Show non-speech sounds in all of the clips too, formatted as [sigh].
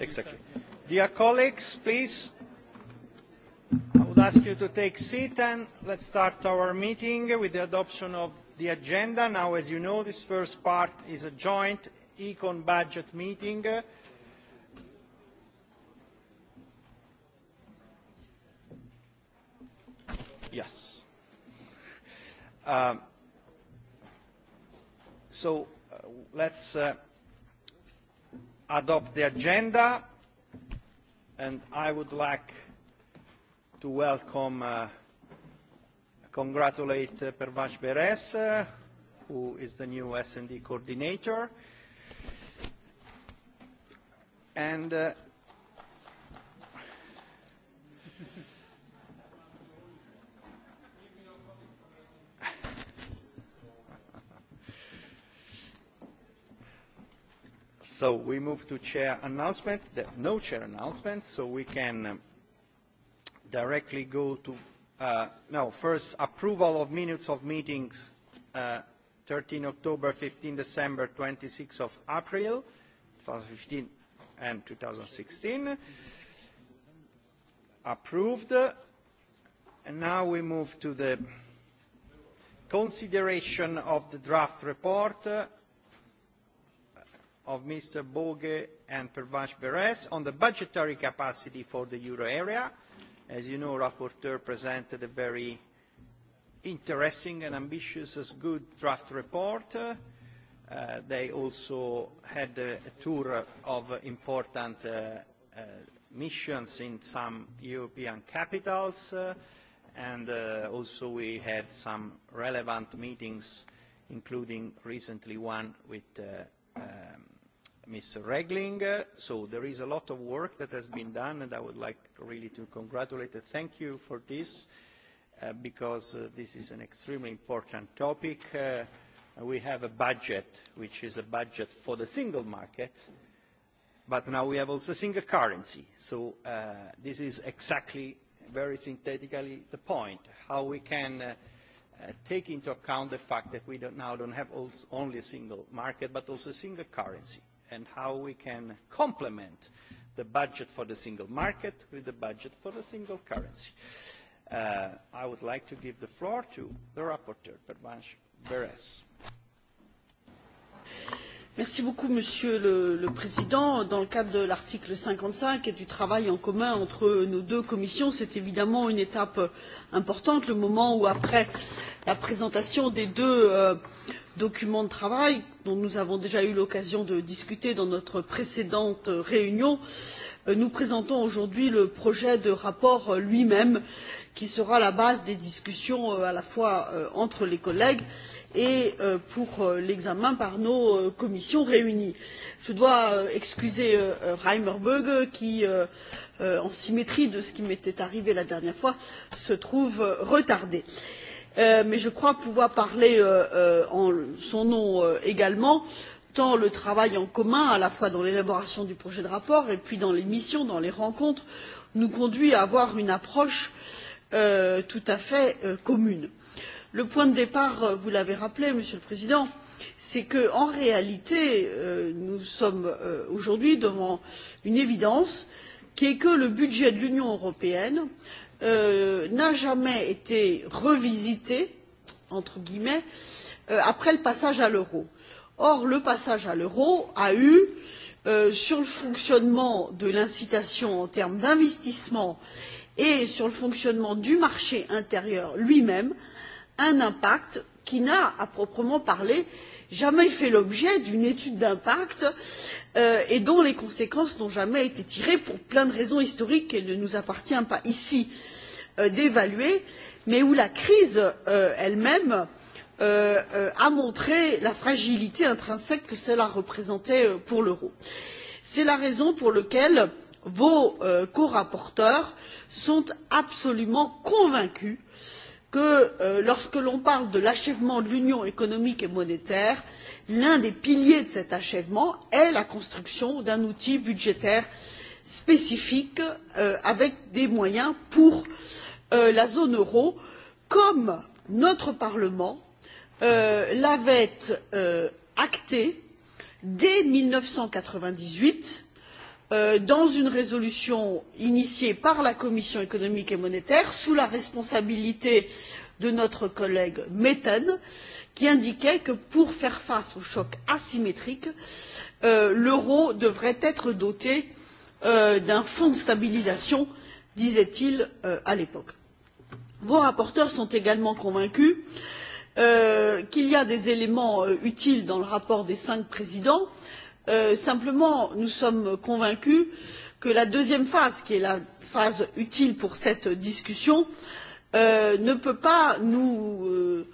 Exactly. Dear colleagues, please, I would ask you to take seat and let's start our meeting with the adoption of the agenda. Now, as you know, this first part is a joint econ budget meeting. Yes. Um, so uh, let's uh, adopt the agenda, and I would like to welcome, uh, congratulate uh, Pervash Beres, uh, who is the new S&D coordinator, and uh, So we move to chair announcement. the no chair announcement, so we can um, directly go to, uh, no, first approval of minutes of meetings, uh, 13 October, 15 December, 26 of April, 2015 and 2016. Approved. And now we move to the consideration of the draft report uh, of Mr. Bogue and Pervash Beres on the budgetary capacity for the euro area. As you know, Rapporteur presented a very interesting and ambitious as good draft report. Uh, they also had a, a tour of important uh, uh, missions in some European capitals, uh, and uh, also we had some relevant meetings, including recently one with uh, um, Ms. Regling. Uh, so there is a lot of work that has been done, and I would like really to congratulate and thank you for this, uh, because uh, this is an extremely important topic. Uh, we have a budget, which is a budget for the single market, but now we have also single currency. So uh, this is exactly, very synthetically, the point, how we can uh, Uh, take into account the fact that we don't, now don't have also, only a single market, but also a single currency and how we can complement the budget for the single market with the budget for the single currency. Uh, I would like to give the floor to the rapporteur, Pervanche Beres. Merci beaucoup, Monsieur le, le Président. Dans le cadre de l'article 55 et du travail en commun entre nos deux commissions, c'est évidemment une étape importante, le moment où, après la présentation des deux euh, document de travail dont nous avons déjà eu l'occasion de discuter dans notre précédente euh, réunion euh, nous présentons aujourd'hui le projet de rapport euh, lui même qui sera la base des discussions à la fois entre les collègues et pour l'examen par nos commissions réunies. je dois excuser reimer bge qui en symétrie de ce qui m'était arrivé la dernière fois se trouve retardé. Euh, mais je crois pouvoir parler euh, euh, en son nom également tant le travail en commun à la fois dans l'élaboration du projet de rapport et puis dans les missions dans les rencontres nous conduit à avoir une approche tout à fait commune. le point de départ vous l'avez rappelé monsieur le président c'est que en réalité nous sommes aujourd'hui devant une évidence qui est que le budget de l'union européenne est Euh, n'a jamais été revisité entre guillemets euh, après le passage à l'euro. or le passage à l'euro a eu euh, sur le fonctionnement de l'incitation en termes d'investissement et sur le fonctionnement du marché intérieur lui même un impact qui n'a à proprement parler euh, jamais fait l'objet d'une étude d'impact euh, et dont les conséquences n'ont jamais été tirées pour plein de raisons historiques qu'il ne nous appartient pas ici euh, d'évaluer mais où la crise euh, elle même a montré la fragilité intrinsèque que cela représentait pour l'euro. c'est la raison pour laquelle vos corapporteurs sont absolument convaincus que euh, lorsque l'on parle de l'achèvement de l'union économique et monétaire l'un des piliers de cet achèvement est la construction d'un outil budgétaire spécifique euh, avec des moyens pour euh, la zone euro comme notre parlement l'avait acté dès mille neuf cent quatre vingt dix huit Euh, dans une résolution initiée par la commission économique et monétaire sous la responsabilité de notre collègue metten qui indiquait que pour faire face au choc asymétrique euh, l'euro devrait être doté euh, d'un fonds de stabilisation disait il à l'époque. vos rapporteurs sont également convaincus qu'il y a des éléments utiles dans le rapport des cinq présidents Euh, simplement, nous sommes convaincus que la deuxième phase, qui est la phase utile pour cette discussion, euh, ne peut pas nous euh,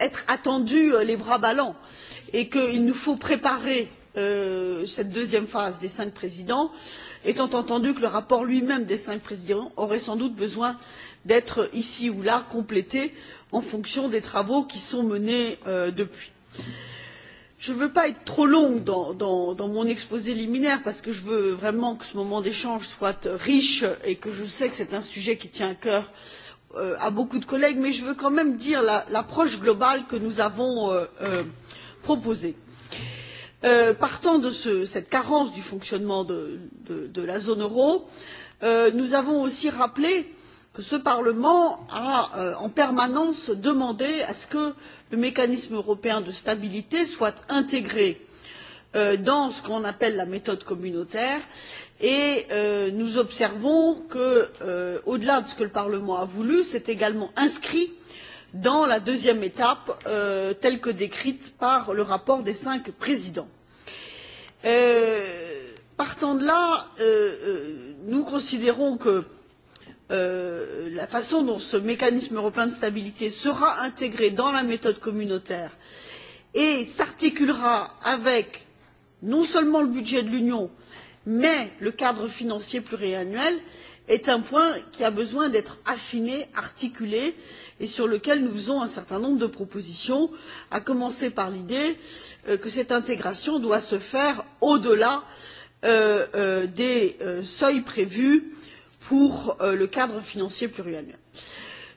être attendue les bras ballants et qu'il nous faut préparer cette deuxième phase des cinq présidents, étant entendu que le rapport lui même des cinq présidents aurait sans doute besoin d'être ici ou là complété en fonction des travaux qui sont menés depuis. lors je ne veux pas être trop longue dans, dans, dans mon exposé liminaire parce que je veux vraiment que ce moment d'échange soit riche et que je sais que c'est un sujet qui tient à cœur euh, à beaucoup de collègues mais je veux quand même dire l'approche la, globale que nous avons euh, euh, proposée. Euh, partant de ce, cette carence du fonctionnement de, de, de la zone euro euh, nous avons aussi rappelé que ce parlement a euh, en permanence demandé à ce que le mécanisme européen de stabilité soit intégré euh, dans ce qu'on appelle la méthode communautaire et euh, nous observons que au delà de ce que le parlement a voulu c'est également inscrit dans la deuxième étape telle que décrite par le rapport des cinq présidents partant de là nous considérons que Euh, la façon dont ce mécanisme européen de stabilité sera intégré dans la méthode communautaire et s'articulera avec non seulement le budget de l'union mais le cadre financier pluriannuel est un point qui a besoin d'être affiné articulé et sur lequel nous faisons un certain nombre de propositions à commencer par l'idée euh, que cette intégration doit se faire au delà euh, des seuils prévus pour euh, le cadre financier pluriannuel.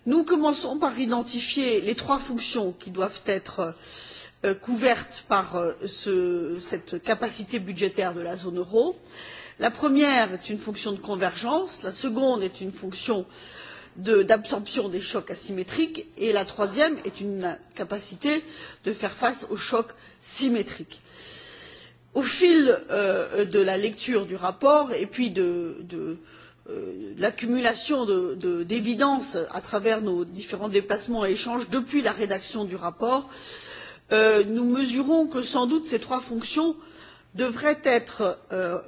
Nous commençons par identifier les trois fonctions qui doivent être euh, couvertes par euh, ce, cette capacité budgétaire de la zone euro. La première est une fonction de convergence, la seconde est une fonction d'absorption de, des chocs asymétriques et la troisième est une capacité de faire face aux chocs symétriques au fil euh, de la lecture du rapport et puis de, de, Euh, l'accumulation d'évidences à travers nos différents déplacements et échanges depuis la rédaction du rapport euh, nous mesurons que sans doute ces trois fonctions devraient être euh,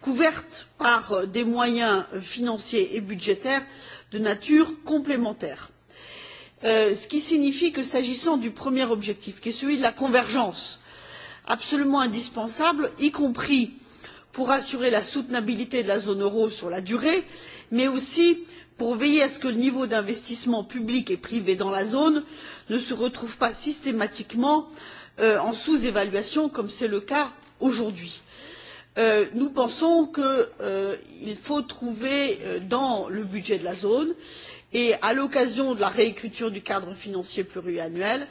couvertes par des moyens financiers et budgétaires de nature complémentaire ce qui signifie que s'agissant du premier objectif qui est celui de la convergence absolument indispensable y compris pour pour assurer la soutenabilité de la zone euro sur la durée mais aussi pour veiller à ce que le niveau d'investissement public et privé dans la zone ne se retrouve pas systématiquement euh, en sous évaluation comme c'est le cas aujourd'hui. Euh, nous pensons qu'il euh, faut trouver dans le budget de la zone et à l'occasion de la réécriture du cadre financier pluriannuel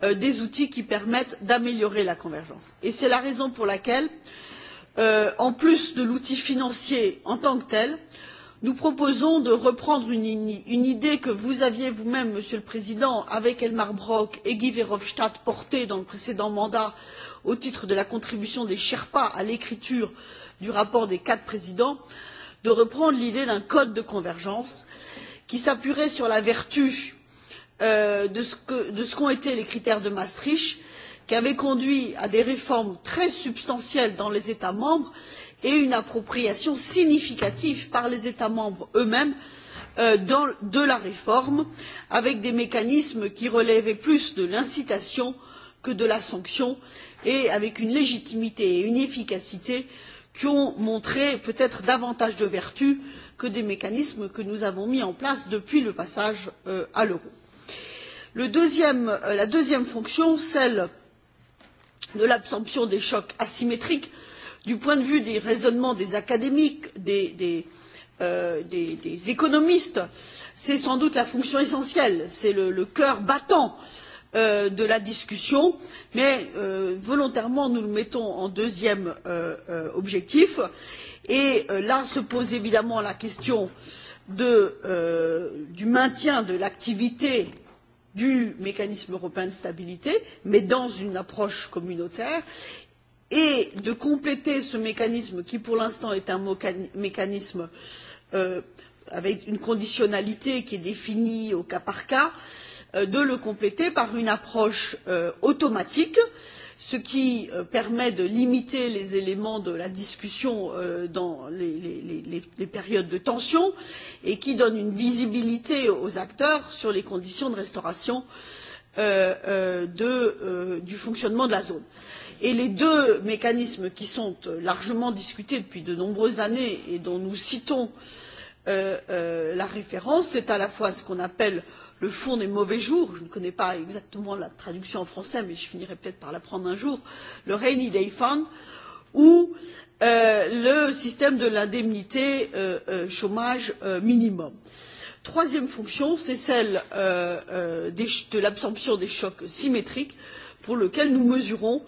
des outils qui permettent d'améliorer la convergence. c'est la raison pour laquelle nous Euh, en plus de l'outil financier en tant que tel nous proposons de reprendre une, idée que vous aviez vous même monsieur le président avec elmar brok et guy verhofstadt portée dans le précédent mandat au titre de la contribution des sherpas à l'écriture du rapport des quatre présidents de reprendre l'idée d'un code de convergence qui s'appuierait sur la vertu euh, de ce qu'ont été les critères de maastricht et qui avait conduit à des réformes très substantielles dans les états membres et une appropriation significative par les états membres eux mêmes euh, de la réforme avec des mécanismes qui relevaient plus de l'incitation que de la sanction et avec une légitimité et une efficacité qui ont montré peut être davantage de vertus que des mécanismes que nous avons mis en place depuis le passage euh, à l'euro. Euh, la deuxième fonction celle de l'absorption des chocs asymétriques du point de vue des raisonnements des académiques des, euh, économistes c'est sans doute la fonction essentielle c'est le, cœur battant euh, de la discussion mais euh, volontairement nous le mettons en deuxième objectif et là se pose évidemment la question du maintien de l'activité du mécanisme européen de stabilité, mais dans une approche communautaire, et de compléter ce mécanisme qui, pour l'instant, est un mécanisme euh, avec une conditionnalité qui est définie au cas par cas, euh, de le compléter par une approche euh, automatique euh, ce qui euh, permet de limiter les éléments de la discussion euh, dans les, les, les, les périodes de tension et qui donne une visibilité aux acteurs sur les conditions de restauration euh, euh de, euh, du fonctionnement de la zone. Et les deux mécanismes qui sont largement discutés depuis de nombreuses années et dont nous citons euh, la référence c'est à la fois ce qu'on appelle le fond des mauvais jours je ne connais pas exactement la traduction en français mais je finirai peut être par la prendre un jour le rainy day fund ou euh, le système de l'indemnité euh, euh chômage euh, minimum. troisième fonction c'est celle euh, euh, des, de l'absorption des chocs symétriques pour lequel nous mesurons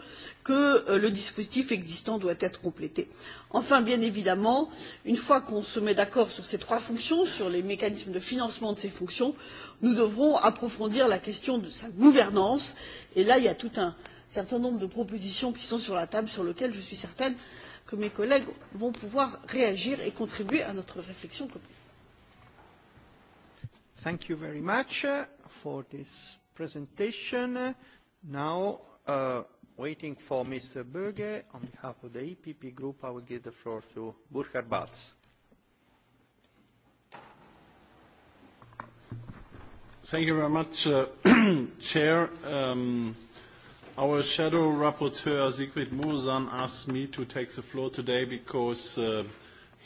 que le dispositif existant doit être complété. enfin bien évidemment une fois qu'on se met d'accord sur ces trois fonctions sur les mécanismes de financement de ces fonctions nous devrons approfondir la question de sa gouvernance et là il y a tout un certain nombre de propositions qui sont sur la table sur lesquelles je suis certaine que mes collègues vont pouvoir réagir et contribuer à notre réflexion commune. Thank you very much for this presentation. Now, uh, waiting for Mr. on behalf of the EPP group, I will give the floor to Burkhard Balz. Thank you very much, uh, [clears throat] Chair. Um, our shadow rapporteur, Siegfried Murzan, asked me to take the floor today because uh,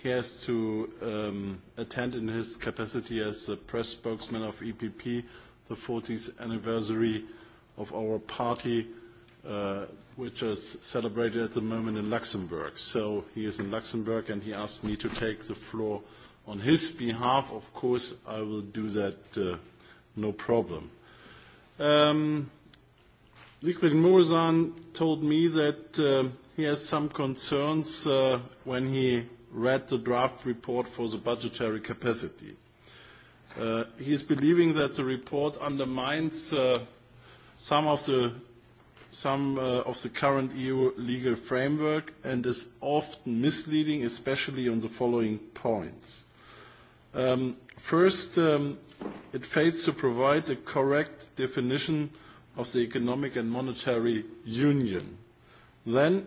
he has to um, attend in his capacity as the press spokesman of EPP the 40th anniversary of our party, uh, which is celebrated at the moment in Luxembourg. So he is in Luxembourg and he asked me to take the floor on his behalf. Of course, I will do that uh, no problem. Um, Siegfried Muresan told me that uh, he has some concerns uh, when he read the draft report for the budgetary capacity. Uh, he is believing that the report undermines uh, some of the some uh, of the current EU legal framework and is often misleading, especially on the following points. Um, first, um, it fails to provide the correct definition of the economic and monetary union. Then,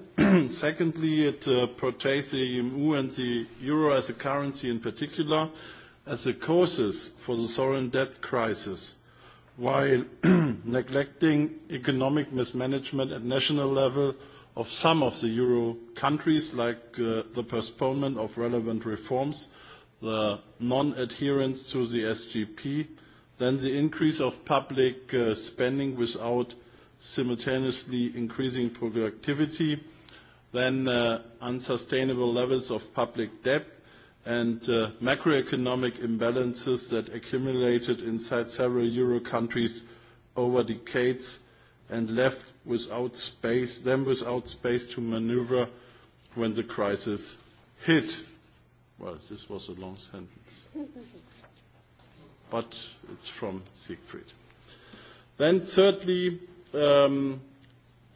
[clears throat] secondly, it uh, portrays the EMU and the euro as a currency in particular as the causes for the sovereign debt crisis, while [clears throat] neglecting economic mismanagement at national level of some of the euro countries, like uh, the postponement of relevant reforms, the non-adherence to the SGP, then the increase of public uh, spending without simultaneously increasing productivity, then uh, unsustainable levels of public debt, and uh, macroeconomic imbalances that accumulated inside several euro countries over decades and left without space, them without space to maneuver when the crisis hit. Well, this was a long sentence. but it's from Siegfried. Then thirdly, um,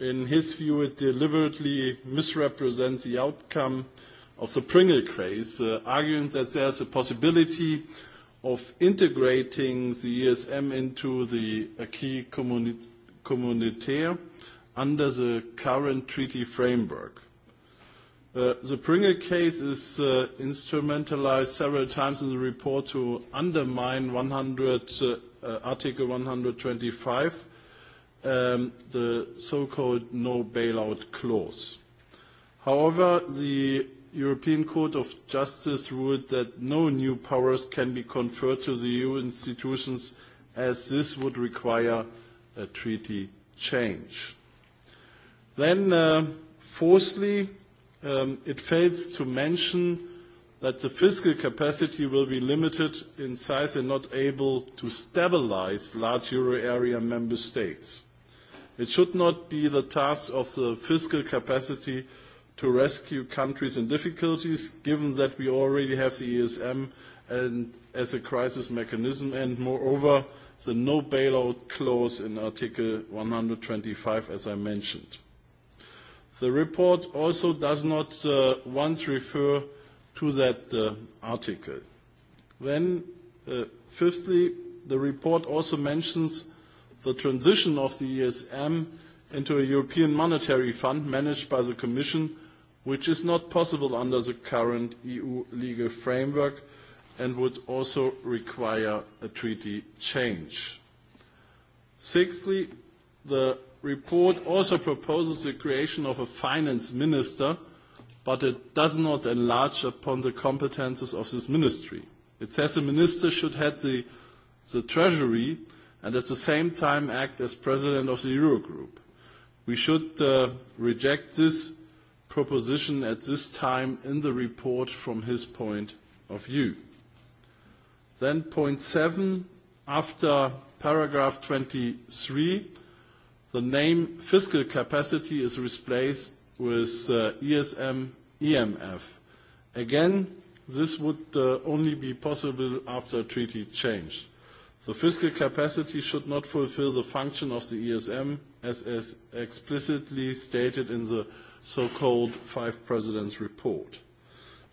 in his view, it deliberately misrepresents the outcome of the Pringle craze, uh, arguing that there's a possibility of integrating the ESM into the acquis communitaire under the current treaty framework. Uh, the Pringle case is uh, instrumentalized several times in the report to undermine 100, uh, uh, Article 125, um, the so-called no bailout clause. However, the European Court of Justice ruled that no new powers can be conferred to the EU institutions as this would require a treaty change. Then, uh, fourthly, Um, it fails to mention that the fiscal capacity will be limited in size and not able to stabilise large euro area member states. It should not be the task of the fiscal capacity to rescue countries in difficulties, given that we already have the ESM and, as a crisis mechanism, and moreover, the no bailout clause in Article one hundred and twenty five, as I mentioned. The report also does not uh, once refer to that uh, article. Then, uh, fifthly, the report also mentions the transition of the ESM into a European Monetary Fund managed by the Commission, which is not possible under the current EU legal framework and would also require a treaty change. Sixthly, the report also proposes the creation of a finance minister, but it does not enlarge upon the competences of this ministry. It says the minister should head the, the treasury and at the same time act as president of the Eurogroup. We should uh, reject this proposition at this time in the report from his point of view. Then point seven, after paragraph twenty three The name fiscal capacity is replaced with uh, ESM EMF. Again, this would uh, only be possible after a treaty change. The fiscal capacity should not fulfil the function of the ESM as, explicitly stated in the so-called Five Presidents Report.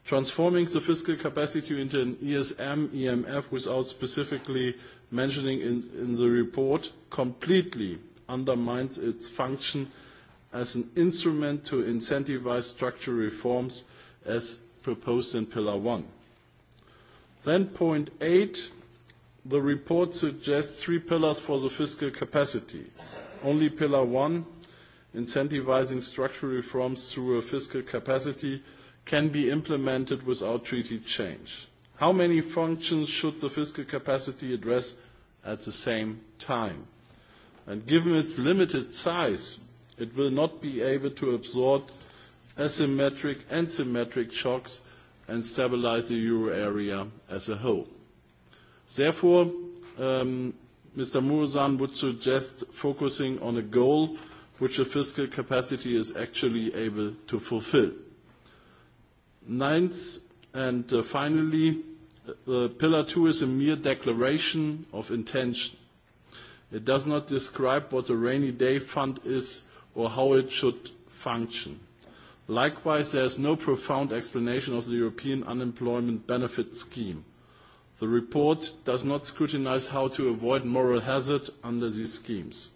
Transforming the fiscal capacity into an ESM, EMF without specifically mentioning in the report completely undermines its function as an instrument to incentivize structural reforms as proposed in Pillar one. Then point eight, the report suggests three pillars for the fiscal capacity. Only Pillar one, incentivising structural reforms through a fiscal capacity, can be implemented without treaty change. How many functions should the fiscal capacity address at the same time? and given its limited size, it will not be able to absorb asymmetric and symmetric shocks and stabilise the euro area as a whole. Therefore, um, Mr. Murzan would suggest focusing on a goal which the fiscal capacity is actually able to fulfil. Ninth, and uh, finally, uh, Pillar two is a mere declaration of intention. It does not describe what a rainy day fund is or how it should function. Likewise, there is no profound explanation of the European Unemployment Benefit Scheme. The report does not scrutinise how to avoid moral hazard under these schemes.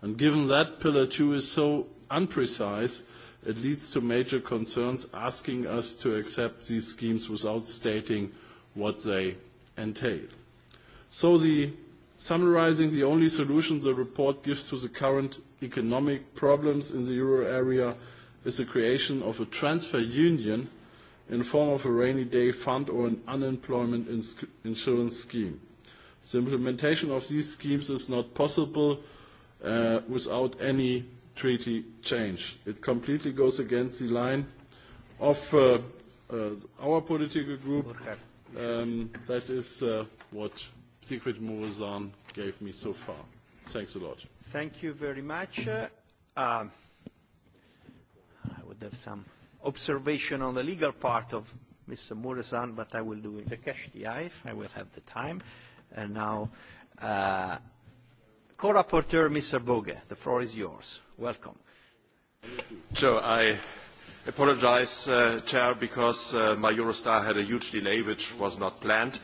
And given that Pillar two is so unprecise, it leads to major concerns asking us to accept these schemes without stating what they entail. So the Summarizing the only solution the report gives to the current economic problems in the euro area is the creation of a transfer union in the form of a rainy day fund or an unemployment ins insurance scheme. The implementation of these schemes is not possible uh, without any treaty change. It completely goes against the line of uh, uh, our political group. Um, that is uh, what Siegfried Muresan gave me so far. Thanks a lot. Thank you very much. Uh, I would have some observation on the legal part of Mr. Muresan, but I will do in the cash DI if I will have the time. And now, uh, co-rapporteur Mr. Boge, the floor is yours. Welcome. So I apologize, uh, Chair, because uh, my Eurostar had a huge delay which was not planned.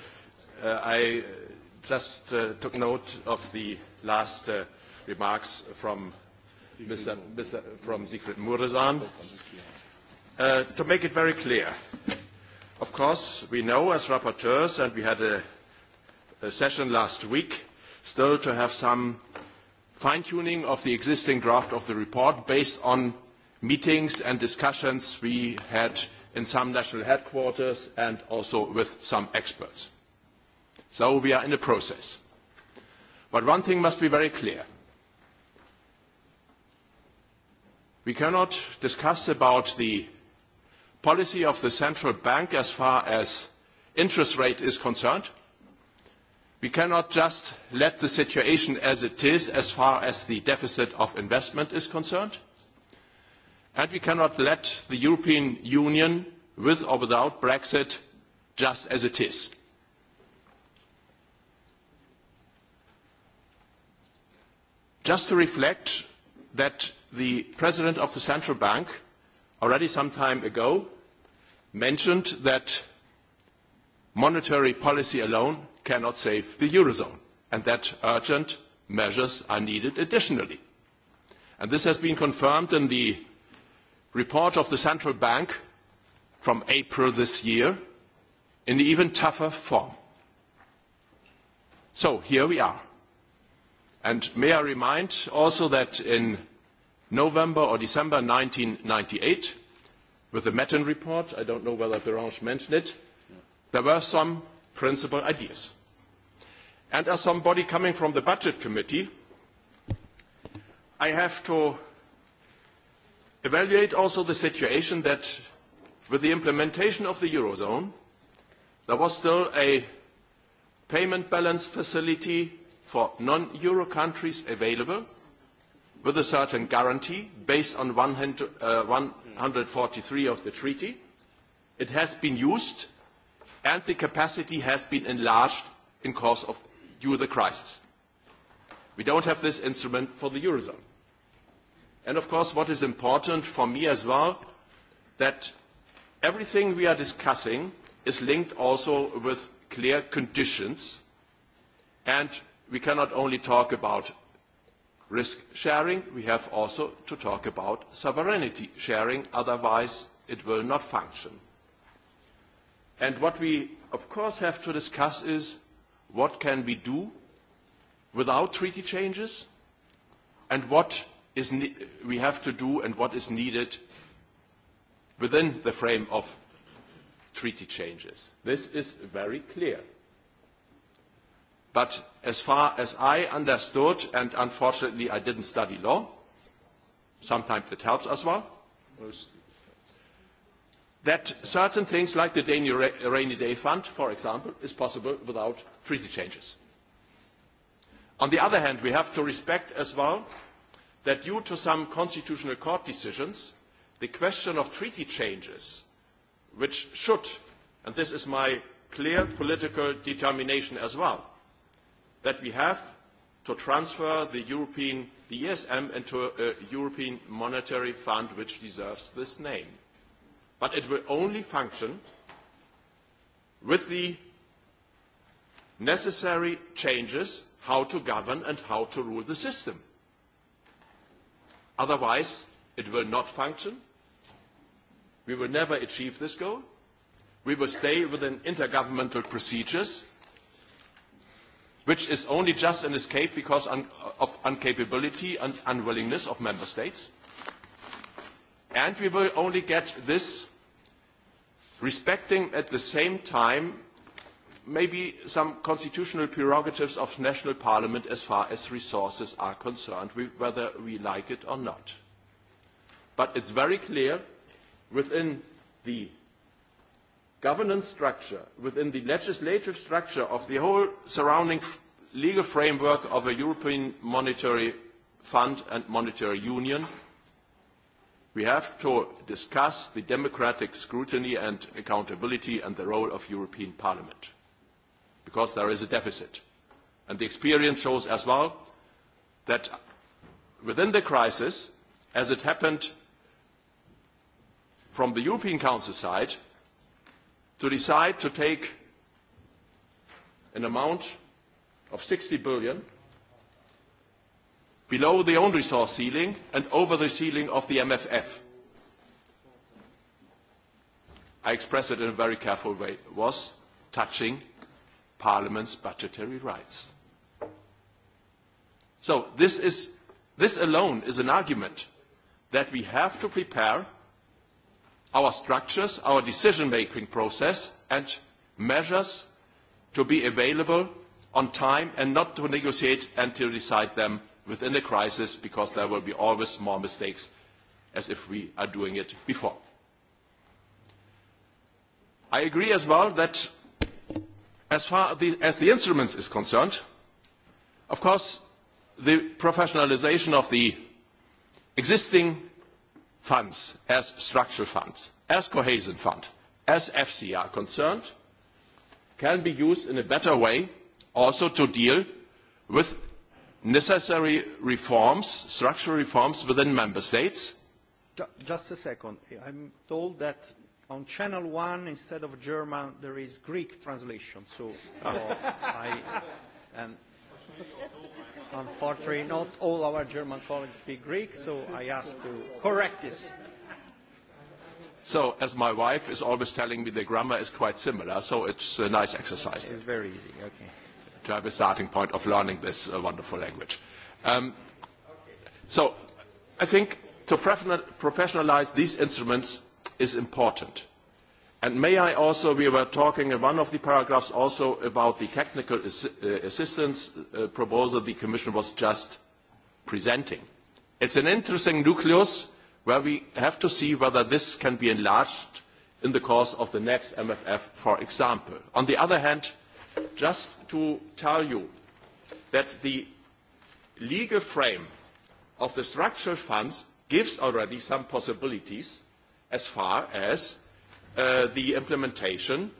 Uh, I just uh, took note of the last uh, remarks from Mr. Mr. from Siegfried Murresan Uh, to make it very clear, of course, we know as rapporteurs, and we had a, a session last week, still to have some fine-tuning of the existing draft of the report based on meetings and discussions we had in some national headquarters and also with some experts. So we are in a process. But one thing must be very clear. We cannot discuss about the policy of the central bank as far as interest rate is concerned. We cannot just let the situation as it is as far as the deficit of investment is concerned. And we cannot let the European Union, with or without Brexit, just as it is. just to reflect that the president of the central bank already some time ago mentioned that monetary policy alone cannot save the eurozone and that urgent measures are needed additionally. And this has been confirmed in the report of the central bank from April this year in even tougher form. So here we are And may I remind also that in November or December ninety eight, with the Metten report, I don't know whether Berange mentioned it, there were some principal ideas. And as somebody coming from the budget committee, I have to evaluate also the situation that with the implementation of the Eurozone, there was still a payment balance facility for non-euro countries available with a certain guarantee based on one hundred uh, 143 of the treaty. It has been used and the capacity has been enlarged in course of due to the crisis. We don't have this instrument for the Eurozone. And of course, what is important for me as well, that everything we are discussing is linked also with clear conditions and we cannot only talk about risk sharing, we have also to talk about sovereignty sharing, otherwise it will not function. And what we, of course, have to discuss is what can we do without treaty changes and what is ne we have to do and what is needed within the frame of treaty changes. This is very clear. But as far as I understood, and unfortunately I didn't study law, sometimes it helps as well, that certain things like the Daniel Rainy Day Fund, for example, is possible without treaty changes. On the other hand, we have to respect as well that due to some constitutional court decisions, the question of treaty changes, which should, and this is my clear political determination as well, that we have to transfer the European the ESM into a European Monetary Fund which deserves this name. But it will only function with the necessary changes how to govern and how to rule the system. Otherwise, it will not function. We will never achieve this goal. We will stay within intergovernmental procedures which is only just an escape because of incapability and unwillingness of member states. And we will only get this respecting at the same time maybe some constitutional prerogatives of national parliament as far as resources are concerned, whether we like it or not. But it's very clear within the governance structure, within the legislative structure of the whole surrounding legal framework of a European monetary fund and monetary union, we have to discuss the democratic scrutiny and accountability and the role of European Parliament, because there is a deficit. And the experience shows as well that within the crisis, as it happened from the European Council side, to decide to take an amount of 60 billion below the own resource ceiling and over the ceiling of the MFF. I express it in a very careful way, was touching Parliament's budgetary rights. So this, is, this alone is an argument that we have to prepare our structures, our decision-making process, and measures to be available on time and not to negotiate and to decide them within the crisis because there will be always more mistakes as if we are doing it before. I agree as well that as far as the instruments is concerned, of course, the professionalisation of the existing funds as structural funds, as cohesion fund, as EFSI are concerned, can be used in a better way also to deal with necessary reforms, structural reforms within member states. Just a second. I'm told that on channel one, instead of German, there is Greek translation. So, [laughs] I, Unfortunately, not all our German colleagues speak Greek, so I ask to correct this. So, as my wife is always telling me, the grammar is quite similar, so it's a nice exercise. It's very easy, okay. To have a starting point of learning this uh, wonderful language. Um, so, I think to professionalize these instruments is important And may I also, we were talking in one of the paragraphs also about the technical uh, assistance uh, proposal the Commission was just presenting. It's an interesting nucleus where we have to see whether this can be enlarged in the course of the next MFF, for example. On the other hand, just to tell you that the legal frame of the structural funds gives already some possibilities as far as Uh, the implementation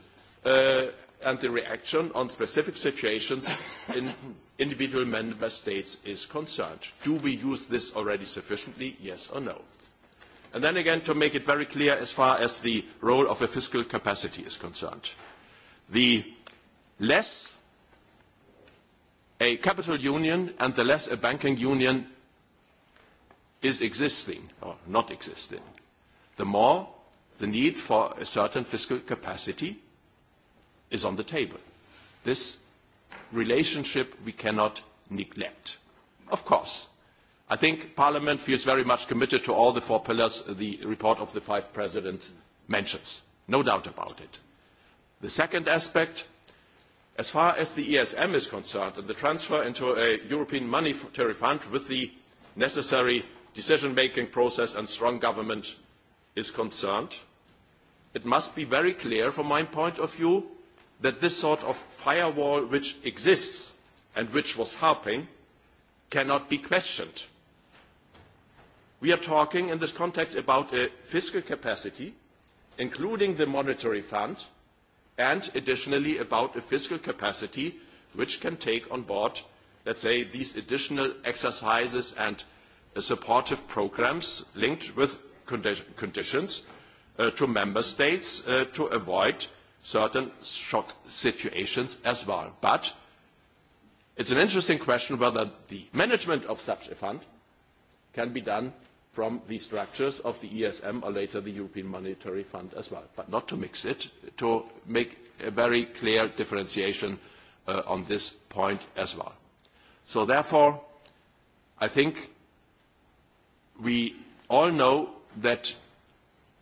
uh, and the reaction on specific situations in [coughs] individual member states is concerned. Do we use this already sufficiently, yes or no? And then again, to make it very clear as far as the role of a fiscal capacity is concerned, the less a capital union and the less a banking union is existing or not existing, the more the need for a certain fiscal capacity is on the table. This relationship we cannot neglect. Of course, I think Parliament feels very much committed to all the four pillars the report of the five presidents mentions. No doubt about it. The second aspect, as far as the ESM is concerned and the transfer into a European monetary fund with the necessary decision-making process and strong government is concerned, it must be very clear from my point of view that this sort of firewall which exists and which was helping cannot be questioned. We are talking in this context about a fiscal capacity, including the monetary fund, and additionally about a fiscal capacity which can take on board, let's say, these additional exercises and supportive programmes linked with condi conditions uh, to member states uh, to avoid certain shock situations as well. But it's an interesting question whether the management of such a fund can be done from the structures of the ESM or later the European Monetary Fund as well. But not to mix it, to make a very clear differentiation uh, on this point as well. So therefore, I think we all know that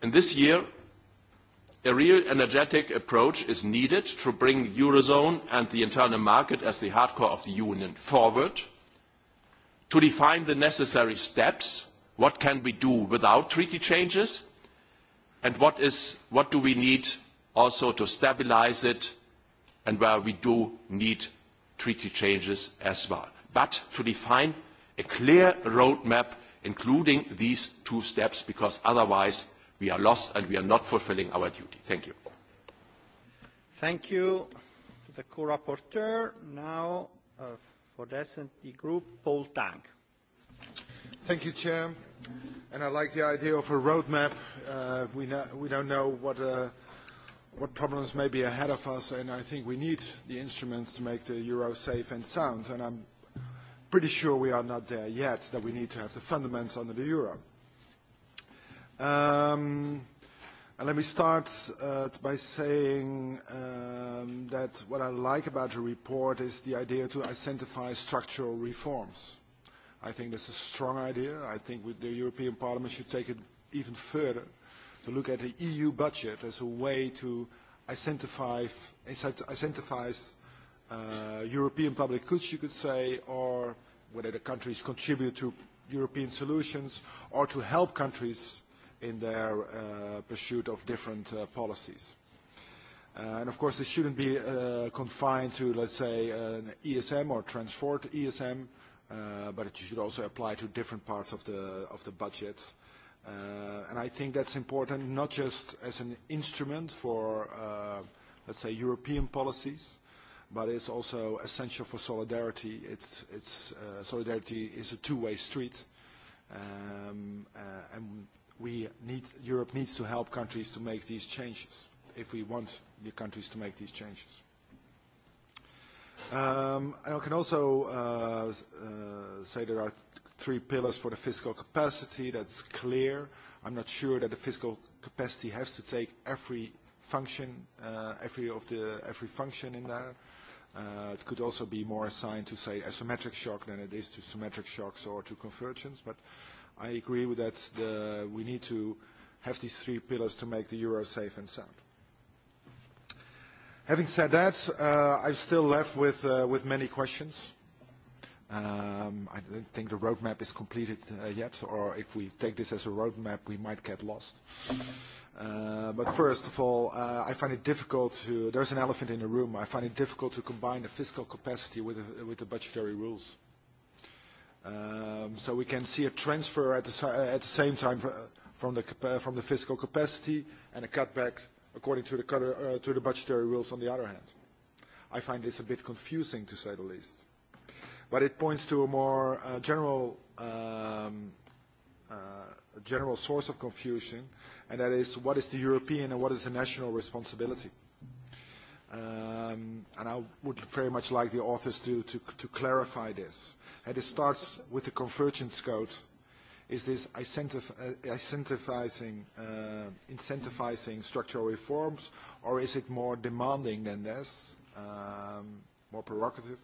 And this year, a real energetic approach is needed to bring the Eurozone and the internal market as the hardcore core of the Union forward, to define the necessary steps, what can we do without treaty changes, and what, is, what do we need also to stabilise it, and where we do need treaty changes as well. But to define a clear roadmap, including these two steps, because otherwise we are lost and we are not fulfilling our duty. Thank you. Thank you to the co-rapporteur. Now, uh, for the S&D Group, Paul Tang. Thank you, Chair. And I like the idea of a roadmap. Uh, we, know, we don't know what, uh, what problems may be ahead of us, and I think we need the instruments to make the euro safe and sound. And I'm pretty sure we are not there yet, that we need to have the fundamentals under the euro. Um, and let me start uh, by saying um, that what I like about the report is the idea to identify structural reforms. I think that's a strong idea. I think the European Parliament should take it even further to look at the EU budget as a way to incentivize, uh, European public goods, you could say, or whether the countries contribute to European solutions or to help countries in their uh, pursuit of different uh, policies. Uh, and of course, this shouldn't be uh, confined to, let's say, an ESM or transport ESM, uh, but it should also apply to different parts of the, of the budget. Uh, and I think that's important not just as an instrument for, uh, let's say, European policies, but it's also essential for solidarity. It's, it's, uh, solidarity is a two-way street, um, uh, and we need, Europe needs to help countries to make these changes if we want the countries to make these changes. Um, I can also uh, uh, say there are three pillars for the fiscal capacity. That's clear. I'm not sure that the fiscal capacity has to take every function, uh, every of the every function in there. Uh, it could also be more assigned to say asymmetric shock than it is to symmetric shocks or to convergence. But uh, i agree with that the, we need to have these three pillars to make the euro safe and sound. Having said that, uh, I'm still left with, uh, with many questions. Um, I don't think the roadmap is completed uh, yet, or if we take this as a roadmap, we might get lost. Uh, but first of all, uh, I find it difficult to, there's an elephant in the room, I find it difficult to combine the fiscal capacity with the, with the budgetary rules. Uh, Um, so we can see a transfer at the, uh, at the same time from the, from the fiscal capacity and a cutback according to the, uh, to the budgetary rules on the other hand. I find this a bit confusing, to say the least. But it points to a more uh, general, um, uh, general source of confusion, and that is what is the European and what is the national responsibility? Um, and I would very much like the authors to, to, to clarify this. And it starts with the convergence code. Is this uh, incentivizing, uh, incentivizing structural reforms, or is it more demanding than this, um, more provocative?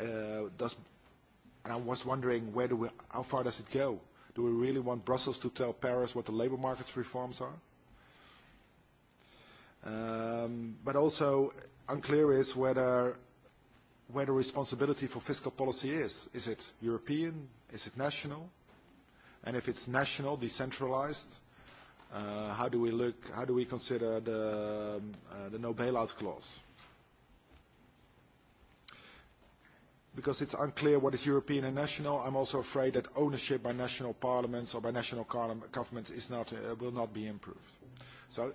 Uh, does, and I was wondering, where do we, how far does it go? Do we really want Brussels to tell Paris what the labor markets reforms are? Um, but also unclear is whether where the responsibility for fiscal policy is. Is it European? Is it national? And if it's national, decentralized, uh, how do we look, how do we consider the, um, uh, the no bailout clause? Because it's unclear what is European and national, I'm also afraid that ownership by national parliaments or by national governments is not, uh, will not be improved. So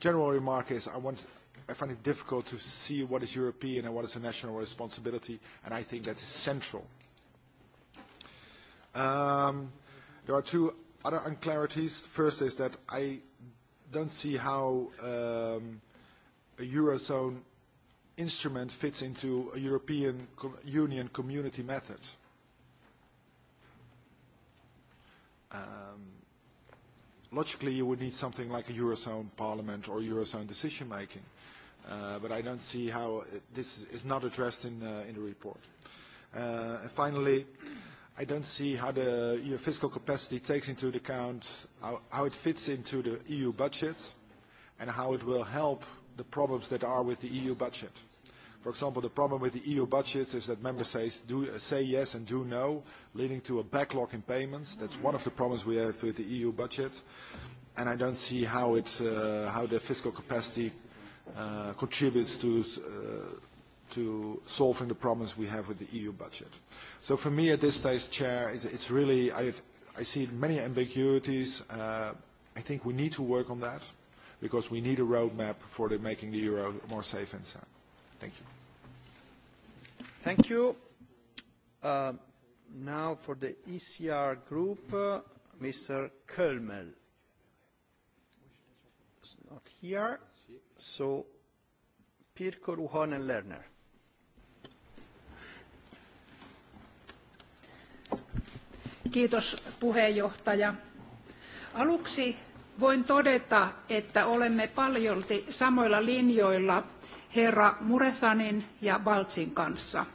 general remark is I want i find it difficult to see what is European and what is a national responsibility, and I think that's central. Um, there are two other unclarities. First is that I don't see how um, a Eurozone instrument fits into a European com Union community method. Um, logically, you would need something like a Eurozone parliament or Eurozone decision-making. Uh, Uh, but I don't see how this is not addressed in, uh, in the report. Uh, and finally, I don't see how the EU fiscal capacity takes into account how, how it fits into the EU budget and how it will help the problems that are with the EU budget. For example, the problem with the EU budget is that member states do, uh, say yes and do no, leading to a backlog in payments. That's one of the problems we have with the EU budget. And I don't see how, it, uh, how the fiscal capacity uh, contributes to, uh, to solving the problems we have with the EU budget. So for me at this stage, Chair, it's, it's really, I, I see many ambiguities. Uh, I think we need to work on that because we need a roadmap for the making the euro more safe and sound. Thank you. Thank you. Uh, now for the ECR group, uh, Mr. Kölmel. It's not here. So, Pirko Lerner. Kiitos puheenjohtaja. Aluksi voin todeta, että olemme paljolti samoilla linjoilla herra Muresanin ja Baltsin kanssa.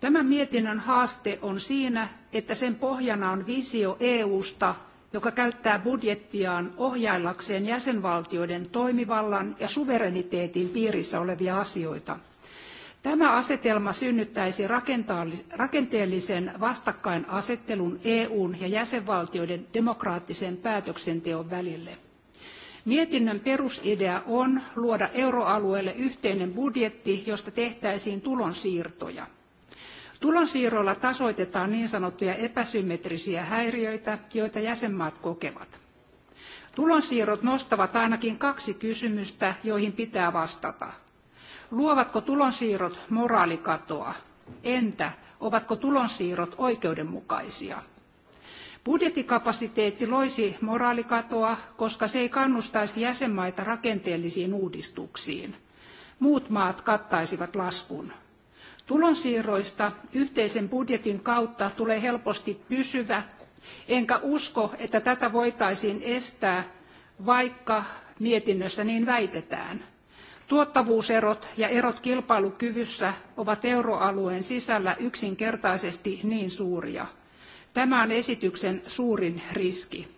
Tämän mietinnön haaste on siinä, että sen pohjana on visio EUsta, joka käyttää budjettiaan ohjaillakseen jäsenvaltioiden toimivallan ja suvereniteetin piirissä olevia asioita. Tämä asetelma synnyttäisi rakenteellisen vastakkainasettelun EUn ja jäsenvaltioiden demokraattisen päätöksenteon välille. Mietinnön perusidea on luoda euroalueelle yhteinen budjetti, josta tehtäisiin tulonsiirtoja. Tulonsiirroilla tasoitetaan niin sanottuja epäsymmetrisiä häiriöitä, joita jäsenmaat kokevat. Tulonsiirrot nostavat ainakin kaksi kysymystä, joihin pitää vastata. Luovatko tulonsiirrot moraalikatoa? Entä ovatko tulonsiirrot oikeudenmukaisia? Budjettikapasiteetti loisi moraalikatoa, koska se ei kannustaisi jäsenmaita rakenteellisiin uudistuksiin. Muut maat kattaisivat laskun. Tulonsiirroista yhteisen budjetin kautta tulee helposti pysyvä, enkä usko, että tätä voitaisiin estää, vaikka mietinnössä niin väitetään. Tuottavuuserot ja erot kilpailukyvyssä ovat euroalueen sisällä yksinkertaisesti niin suuria. Tämä on esityksen suurin riski.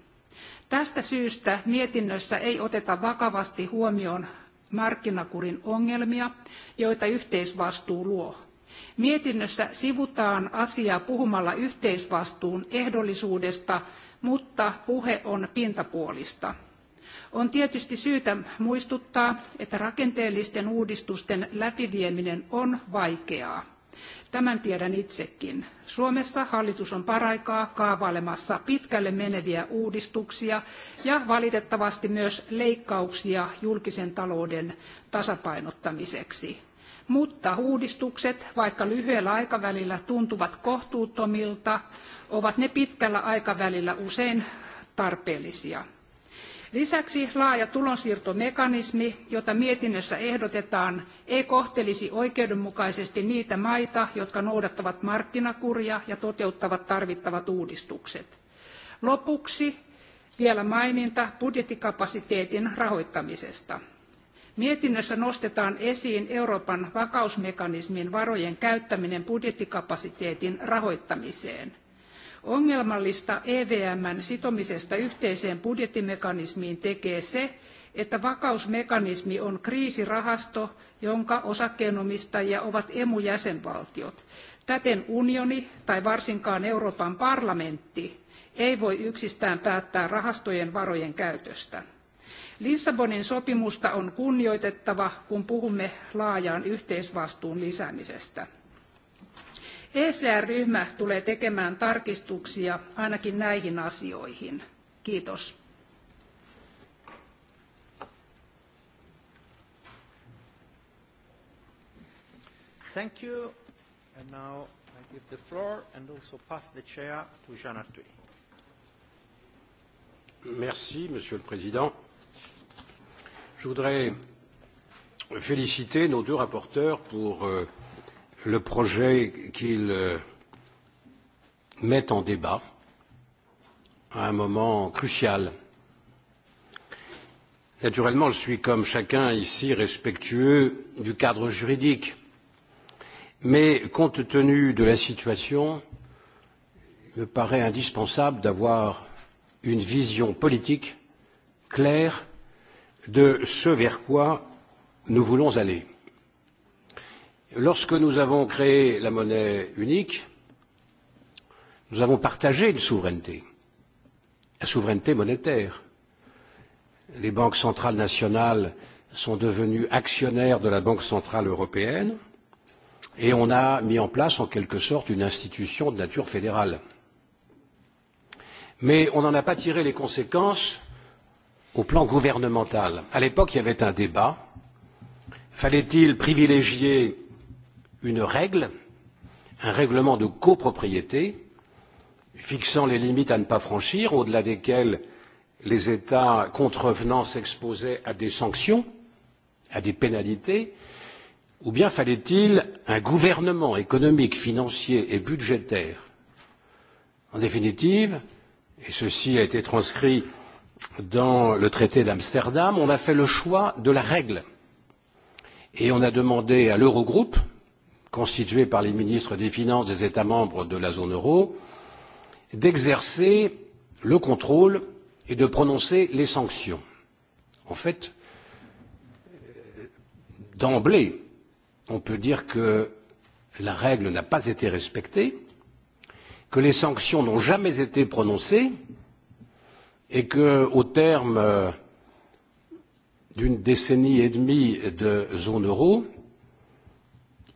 Tästä syystä mietinnössä ei oteta vakavasti huomioon markkinakurin ongelmia, joita yhteisvastuu luo. Mietinnössä sivutaan asiaa puhumalla yhteisvastuun ehdollisuudesta, mutta puhe on pintapuolista. On tietysti syytä muistuttaa, että rakenteellisten uudistusten läpivieminen on vaikeaa. Tämän tiedän itsekin. Suomessa hallitus on paraikaa kaavailemassa pitkälle meneviä uudistuksia ja valitettavasti myös leikkauksia julkisen talouden tasapainottamiseksi mutta uudistukset, vaikka lyhyellä aikavälillä tuntuvat kohtuuttomilta, ovat ne pitkällä aikavälillä usein tarpeellisia. Lisäksi laaja tulonsiirtomekanismi, jota mietinnössä ehdotetaan, ei kohtelisi oikeudenmukaisesti niitä maita, jotka noudattavat markkinakuria ja toteuttavat tarvittavat uudistukset. Lopuksi vielä maininta budjettikapasiteetin rahoittamisesta. Mietinnössä nostetaan esiin Euroopan vakausmekanismin varojen käyttäminen budjettikapasiteetin rahoittamiseen. Ongelmallista EVMn sitomisesta yhteiseen budjettimekanismiin tekee se, että vakausmekanismi on kriisirahasto, jonka osakkeenomistajia ovat emu-jäsenvaltiot. Täten unioni tai varsinkaan Euroopan parlamentti ei voi yksistään päättää rahastojen varojen käytöstä. Lissabonin sopimusta on kunnioitettava, kun puhumme laajan yhteisvastuun lisäämisestä. ECR-ryhmä tulee tekemään tarkistuksia ainakin näihin asioihin. Kiitos. Thank you. And now I give the floor and also pass the chair to Jean Arthuis. Merci, Monsieur le Président. Je voudrais féliciter nos deux rapporteurs pour euh, le projet qu'ils euh, mettent en débat à un moment crucial. Naturellement, je suis comme chacun ici respectueux du cadre juridique, mais compte tenu de la situation, il me paraît indispensable d'avoir une vision politique claire de ce vers quoi nous voulons aller. Lorsque nous avons créé la monnaie unique, nous avons partagé une souveraineté, la souveraineté monétaire. Les banques centrales nationales sont devenues actionnaires de la Banque centrale européenne et on a mis en place en quelque sorte une institution de nature fédérale. Mais on n'en a pas tiré les conséquences au plan gouvernemental. À l'époque, il y avait un débat. Fallait-il privilégier une règle, un règlement de copropriété, fixant les limites à ne pas franchir, au-delà desquelles les États contrevenants s'exposaient à des sanctions, à des pénalités, ou bien fallait-il un gouvernement économique, financier et budgétaire En définitive, et ceci a été transcrit dans le traité d'Amsterdam, on a fait le choix de la règle. Et on a demandé à l'Eurogroupe, constitué par les ministres des Finances des États membres de la zone euro, d'exercer le contrôle et de prononcer les sanctions. En fait, d'emblée, on peut dire que la règle n'a pas été respectée, que les sanctions n'ont jamais été prononcées, et que, au terme euh, d'une décennie et demie de zone euro,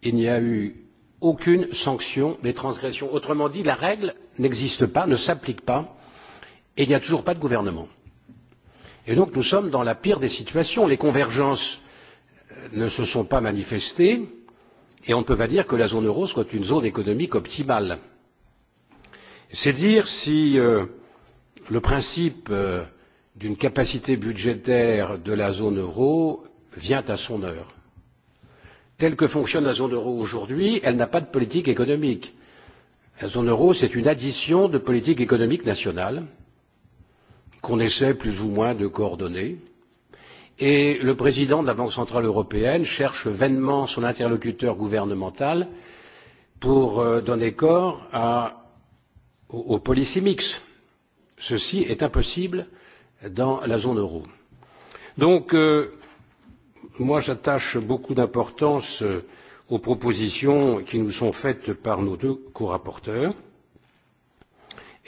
il n'y a eu aucune sanction des transgressions. Autrement dit, la règle n'existe pas, ne s'applique pas, et il n'y a toujours pas de gouvernement. Et donc nous sommes dans la pire des situations. Les convergences euh, ne se sont pas manifestées, et on ne peut pas dire que la zone euro soit une zone économique optimale. C'est dire si euh, le principe euh, d'une capacité budgétaire de la zone euro vient à son heure. Telle que fonctionne la zone euro aujourd'hui, elle n'a pas de politique économique. La zone euro, c'est une addition de politiques économiques nationales qu'on essaie plus ou moins de coordonner. Et le président de la Banque centrale européenne cherche vainement son interlocuteur gouvernemental pour euh, donner corps à, au, au policy mix Ceci est impossible dans la zone euro. Donc, euh, moi, j'attache beaucoup d'importance euh, aux propositions qui nous sont faites par nos deux corapporteurs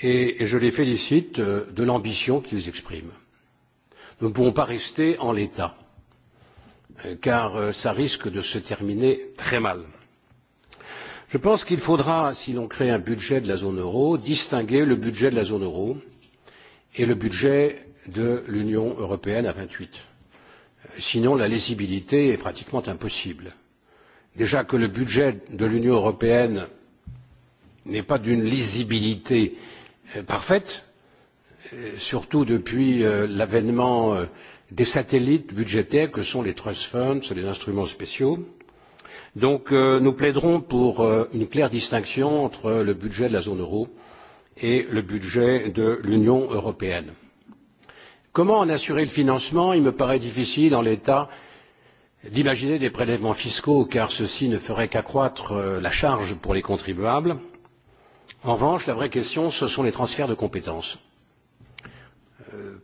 et, et je les félicite euh, de l'ambition qu'ils expriment. Nous ne pouvons pas rester en l'état euh, car ça risque de se terminer très mal. Je pense qu'il faudra, si l'on crée un budget de la zone euro, distinguer le budget de la zone euro et le budget de l'Union européenne à vingt huit. Sinon, la lisibilité est pratiquement impossible. Déjà que le budget de l'Union européenne n'est pas d'une lisibilité euh, parfaite, euh, surtout depuis euh, l'avènement des satellites budgétaires que sont les trust funds, les instruments spéciaux. Donc nous plaiderons pour une claire distinction entre le budget de la zone euro et le budget de l'Union européenne. Comment en assurer le financement Il me paraît difficile en l'état d'imaginer des prélèvements fiscaux car ceci ne ferait qu'accroître euh, la charge pour les contribuables. En revanche, la vraie question, ce sont les transferts de compétences. Euh,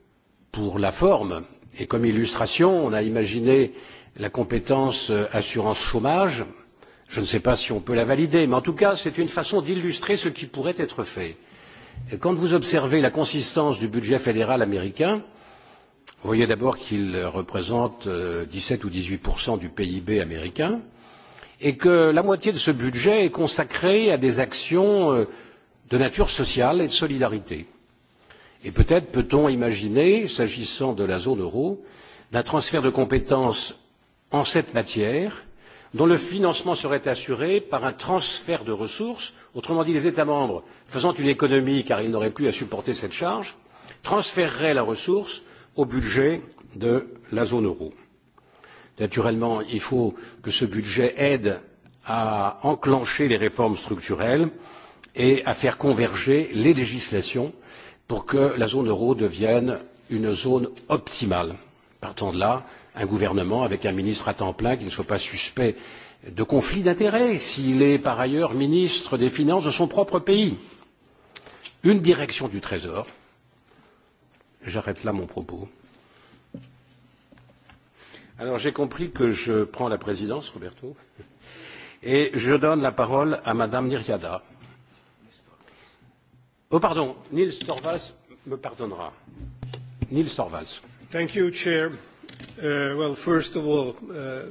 pour la forme et comme illustration, on a imaginé la compétence euh, assurance chômage. Je ne sais pas si on peut la valider, mais en tout cas, c'est une façon d'illustrer ce qui pourrait être fait quand vous observez la consistance du budget fédéral américain, vous voyez d'abord qu'il représente euh, dix sept ou dix huit du PIB américain et que la moitié de ce budget est consacrée à des actions euh, de nature sociale et de solidarité. Et peut-être peut-on imaginer, s'agissant de la zone euro, d'un transfert de compétences en cette matière dont le financement serait assuré par un transfert de ressources, autrement dit les États membres faisant une économie car ils n'auraient plus à supporter cette charge, transféreraient la ressource au budget de la zone euro. Naturellement, il faut que ce budget aide à enclencher les réformes structurelles et à faire converger les législations pour que la zone euro devienne une zone optimale. Partant de là, un gouvernement avec un ministre à temps plein qui ne soit pas suspect de conflit d'intérêts s'il est par ailleurs ministre des Finances de son propre pays. Une direction du Trésor. J'arrête là mon propos. Alors j'ai compris que je prends la présidence, Roberto, et je donne la parole à Madame Niriada. Oh pardon, Nils Torvalds me pardonnera. Nils Torvalds. Thank you, Chair. Uh, well, first of all, uh,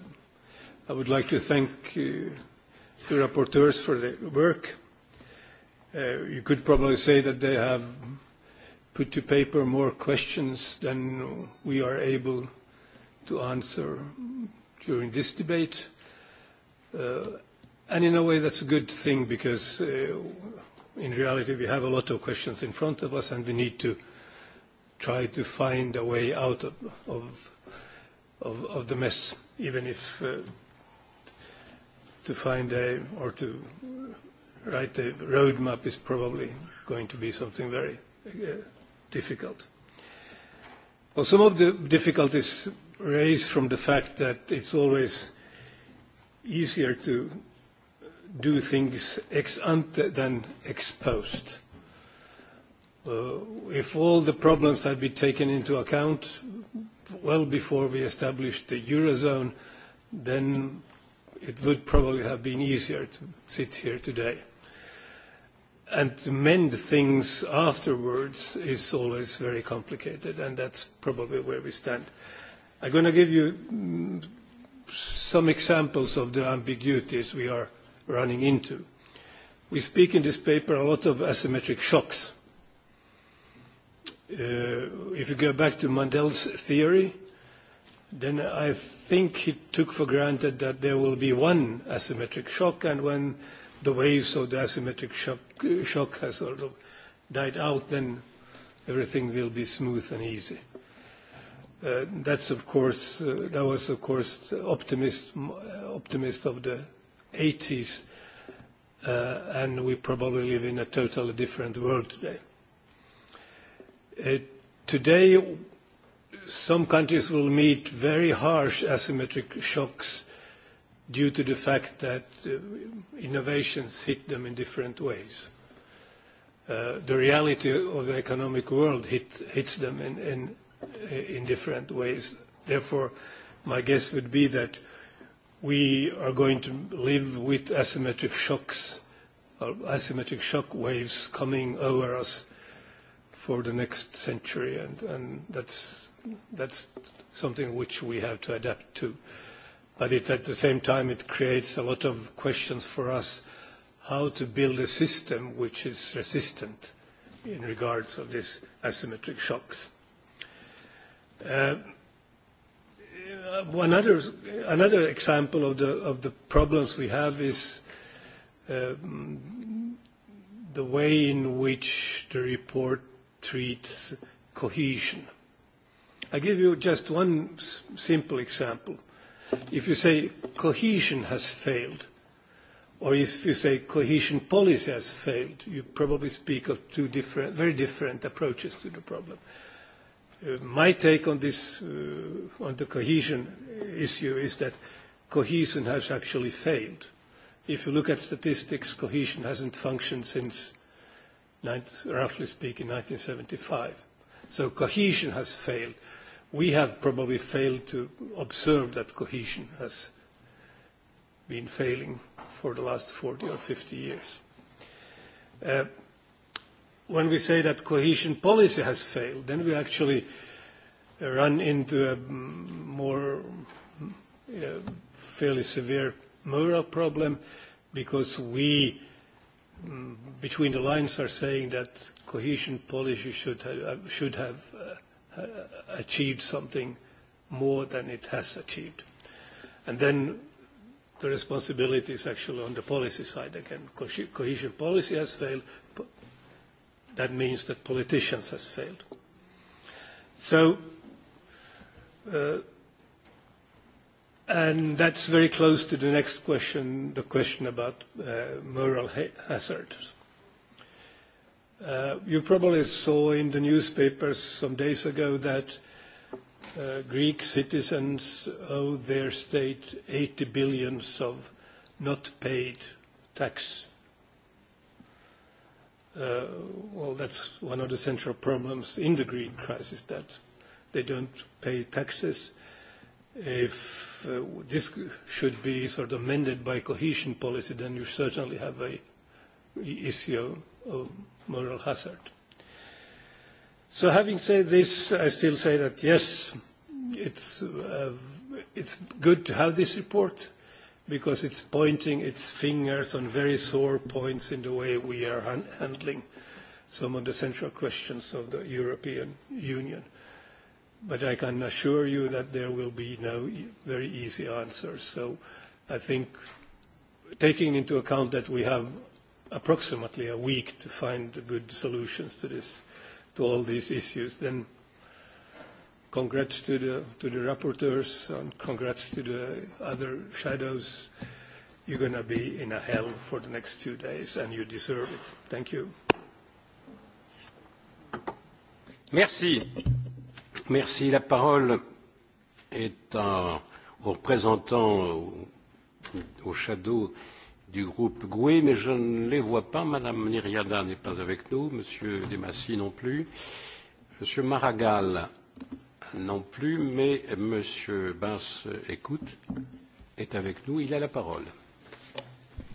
I would like to thank uh, the rapporteurs for their work. Uh, you could probably say that they have put to paper more questions than we are able to answer during this debate. Uh, and in a way, that's a good thing because uh, in reality, we have a lot of questions in front of us and we need to uh, try to find a way out of, of, of, of the mess, even if uh, to find a or to write a roadmap is probably going to be something very uh, difficult. Well, some of the difficulties raise from the fact that it's always easier to do things ex ante than ex post. Uh, if all the problems had been taken into account well before we established the Eurozone, then it would probably have been easier to sit here today. And to mend things afterwards is always very complicated, and that's probably where we stand. I'm going to give you mm, some examples of the ambiguities we are running into. We speak in this paper a lot of asymmetric shocks Uh, if you go back to Mandel's theory, then I think he took for granted that there will be one asymmetric shock, and when the waves of the asymmetric shock, shock has sort of died out, then everything will be smooth and easy. Uh, that's of course, uh, that was of course the optimist, uh, optimist of the 80s, uh, and we probably live in a totally different world today. Uh, today, some countries will meet very harsh asymmetric shocks due to the fact that uh, innovations hit them in different ways. Uh, the reality of the economic world hit, hits them in, in, uh, in different ways. Therefore, my guess would be that we are going to live with asymmetric shocks, or uh, asymmetric shock waves coming over us for the next century, and, and that's, that's something which we have to adapt to. But it, at the same time, it creates a lot of questions for us how to build a system which is resistant in regards of these asymmetric shocks. Uh, one other, another example of the, of the problems we have is um, the way in which the report treats cohesion. I give you just one simple example. If you say cohesion has failed, or if you say cohesion policy has failed, you probably speak of two different, very different approaches to the problem. Uh, my take on this, uh, on the cohesion issue, is that cohesion has actually failed. If you look at statistics, cohesion hasn't functioned since roughly speaking, 1975. So cohesion has failed. We have probably failed to observe that cohesion has been failing for the last 40 or 50 years. Uh, when we say that cohesion policy has failed, then we actually run into a more uh, fairly severe moral problem because we between the lines are saying that cohesion policy should have, uh, should have uh, uh, achieved something more than it has achieved. And then the responsibility is actually on the policy side again. Co cohesion policy has failed. That means that politicians has failed. So uh, And that's very close to the next question, the question about uh, moral ha hazards. Uh, you probably saw in the newspapers some days ago that uh, Greek citizens owe their state 80 billions of not paid tax. Uh, well, that's one of the central problems in the Greek crisis, that they don't pay taxes. If uh, this should be sort of mended by cohesion policy, then you certainly have a issue of moral hazard. So having said this, I still say that yes, it's, uh, it's good to have this report because it's pointing its fingers on very sore points in the way we are han handling some of the central questions of the European Union but I can assure you that there will be no e very easy answers. So I think taking into account that we have approximately a week to find good solutions to this, to all these issues, then congrats to the, to the rapporteurs and congrats to the other shadows. You're going to be in a hell for the next few days, and you deserve it. Thank you. Merci. Merci. La parole est à, au représentant, au, au shadow du groupe GUE, mais je ne les vois pas. Madame Niriada n'est pas avec nous, Monsieur Demassi non plus, Monsieur Maragall non plus, mais Monsieur Bass écoute est avec nous. Il a la parole.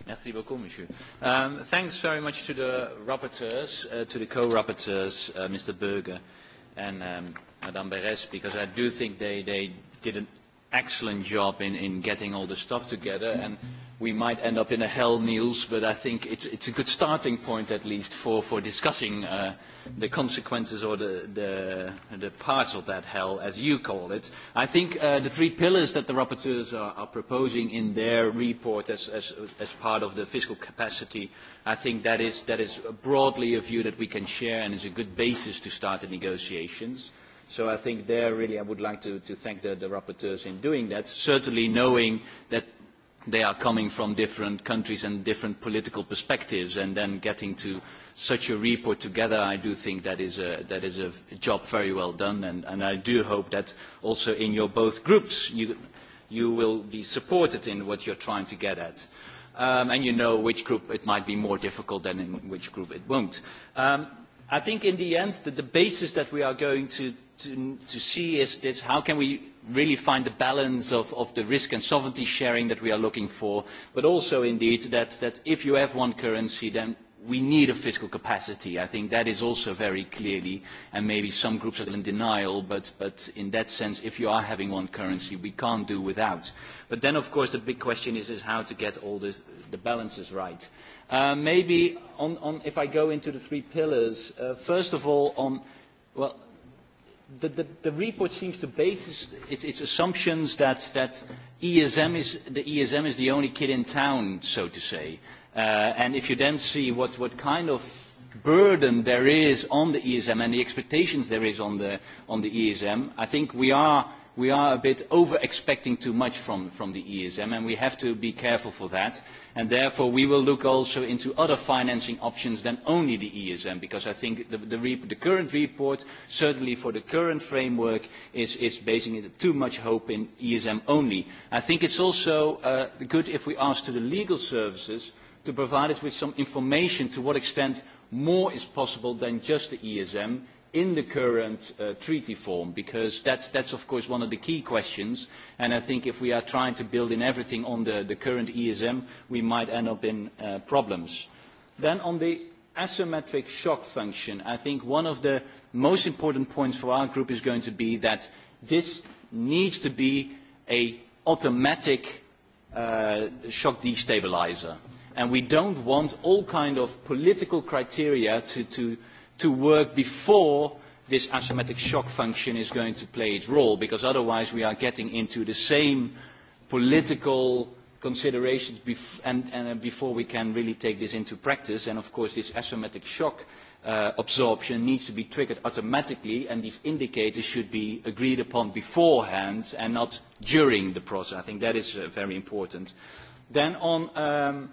Merci beaucoup, Monsieur. Um, thanks very much to the rapporteurs, uh, to the co-rapporteurs, uh, Mr. Berger and um, Madame Beres, because I do think they, they did an excellent job in, in getting all the stuff together. And we might end up in a hell, Niels, but I think it's, it's a good starting point at least for, for discussing uh, the consequences or the, the, the parts of that hell, as you call it. I think uh, the three pillars that the rapporteurs are, are proposing in their report as, as, as part of the fiscal capacity, I think that is, that is broadly a view that we can share and is a good basis to start the negotiations. So I think there really I would like to, to thank the, the rapporteurs in doing that, certainly knowing that they are coming from different countries and different political perspectives and then getting to such a report together, I do think that is a, that is a job very well done and, and I do hope that also in your both groups you, you will be supported in what you're trying to get at. Um, and you know which group it might be more difficult than in which group it won't. Um, I think in the end, the, the basis that we are going to, to, to see is this, how can we really find the balance of, of the risk and sovereignty sharing that we are looking for, but also indeed that, that if you have one currency, then we need a fiscal capacity. I think that is also very clearly, and maybe some groups are in denial, but, but in that sense, if you are having one currency, we can't do without. But then, of course, the big question is, is how to get all this, the balances right. Uh, maybe on, on, if I go into the three pillars, uh, first of all, on, well, the, the, the report seems to base its, its assumptions that, that ESM is, the ESM is the only kid in town, so to say. Uh, and if you then see what, what kind of burden there is on the ESM and the expectations there is on the, on the ESM, I think we are we are a bit over-expecting too much from, from the ESM, and we have to be careful for that. And therefore, we will look also into other financing options than only the ESM, because I think the, the, re the current report, certainly for the current framework, is, is basing too much hope in ESM only. I think it's also uh, good if we ask to the legal services to provide us with some information to what extent more is possible than just the ESM in the current uh, treaty form? Because that's, that's, of course, one of the key questions. And I think if we are trying to build in everything on the, the current ESM, we might end up in uh, problems. Then on the asymmetric shock function, I think one of the most important points for our group is going to be that this needs to be an automatic uh, shock destabilizer. And we don't want all kind of political criteria to, to – to work before this asymmetric shock function is going to play its role, because otherwise we are getting into the same political considerations bef and, and uh, before we can really take this into practice. And of course, this asymmetric shock uh, absorption needs to be triggered automatically, and these indicators should be agreed upon beforehand and not during the process. I think that is uh, very important. Then on... Um,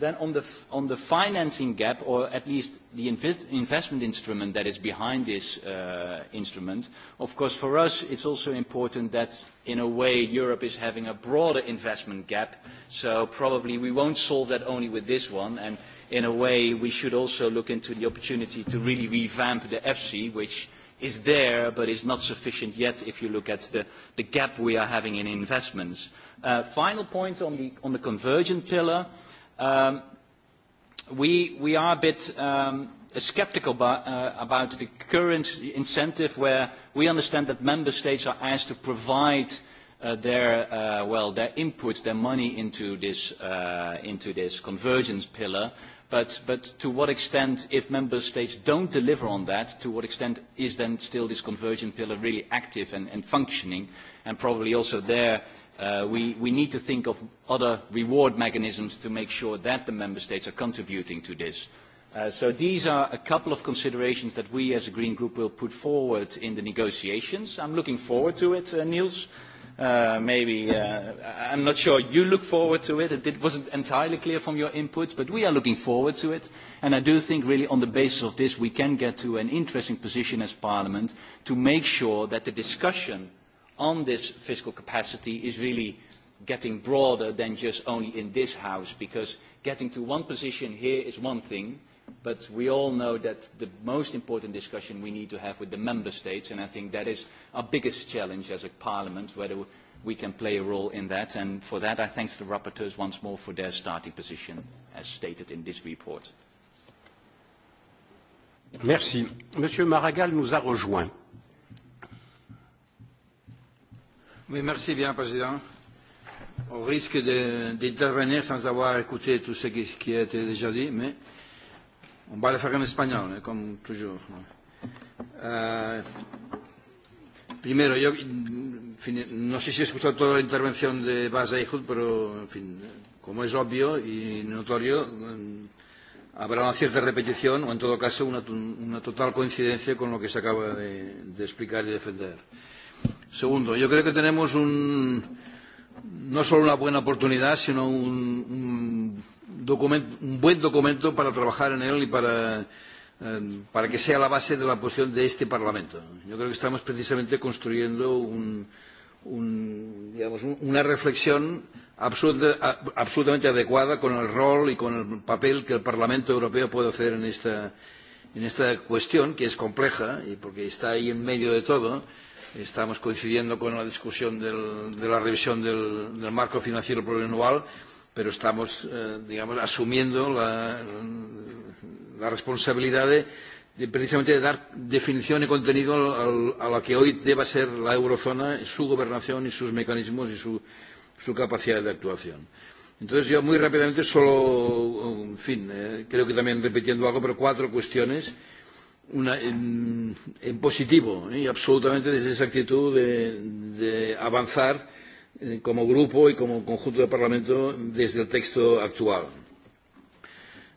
Then on the, on the financing gap, or at least the investment instrument that is behind this uh, instrument, of course for us it's also important that in a way Europe is having a broader investment gap, so probably we won't solve that only with this one, and in a way we should also look into the opportunity to really revamp the EFSI, which is there but is not sufficient yet if you look at the, the gap we are having in investments. Uh, final point on the, on the convergent pillar. Um, we, we are a bit um, sceptical about, uh, about the current incentive where we understand that member states are asked to provide uh, their, uh, well, their inputs, their money into this, uh, into this convergence pillar. But, but to what extent, if member states don't deliver on that, to what extent is then still this convergence pillar really active and, and functioning? And probably also there Uh, we, we need to think of other reward mechanisms to make sure that the member states are contributing to this. Uh, so these are a couple of considerations that we as a Green Group will put forward in the negotiations. I'm looking forward to it, uh, Niels. Uh, maybe, uh, I'm not sure you look forward to it. It wasn't entirely clear from your input, but we are looking forward to it. And I do think really on the basis of this, we can get to an interesting position as Parliament to make sure that the discussion on this fiscal capacity is really getting broader than just only in this House, because getting to one position here is one thing, but we all know that the most important discussion we need to have with the Member States, and I think that is our biggest challenge as a Parliament, whether we can play a role in that. And for that, I thank the rapporteurs once more for their starting position, as stated in this report. Merci. Monsieur Maragall nous a rejoint. Oui, merci bien, Président. Au risque d'intervenir sans avoir écouté tout ce qui, qui a été déjà dit, mais on va le faire en espagnol, comme toujours. Uh, primero, yo en fin, no sé si he escuchado toda la intervención de Bas Eichhut, pero en fin, como es obvio y notorio, habrá una cierta repetición o en todo caso una, una total coincidencia con lo que se acaba de, de explicar y defender. Segundo, yo creo que tenemos un, no solo una buena oportunidad, sino un, un, documento, un buen documento para trabajar en él y para, eh, para que sea la base de la posición de este Parlamento. Yo creo que estamos precisamente construyendo un, un, digamos, un, una reflexión absoluta, a, absolutamente adecuada con el rol y con el papel que el Parlamento Europeo puede hacer en esta, en esta cuestión, que es compleja y porque está ahí en medio de todo estamos coincidiendo con la discusión del, de la revisión del, del marco financiero plurianual, pero estamos, eh, digamos, asumiendo la, la responsabilidad de, de precisamente de dar definición y contenido al, al, a la que hoy deba ser la eurozona, su gobernación y sus mecanismos y su, su capacidad de actuación. Entonces yo muy rápidamente solo, en fin, eh, creo que también repitiendo algo, pero cuatro cuestiones. Eh, una, en, en positivo ¿eh? y ¿eh? absolutamente desde esa actitud de, de avanzar eh, como grupo y como conjunto de Parlamento desde el texto actual.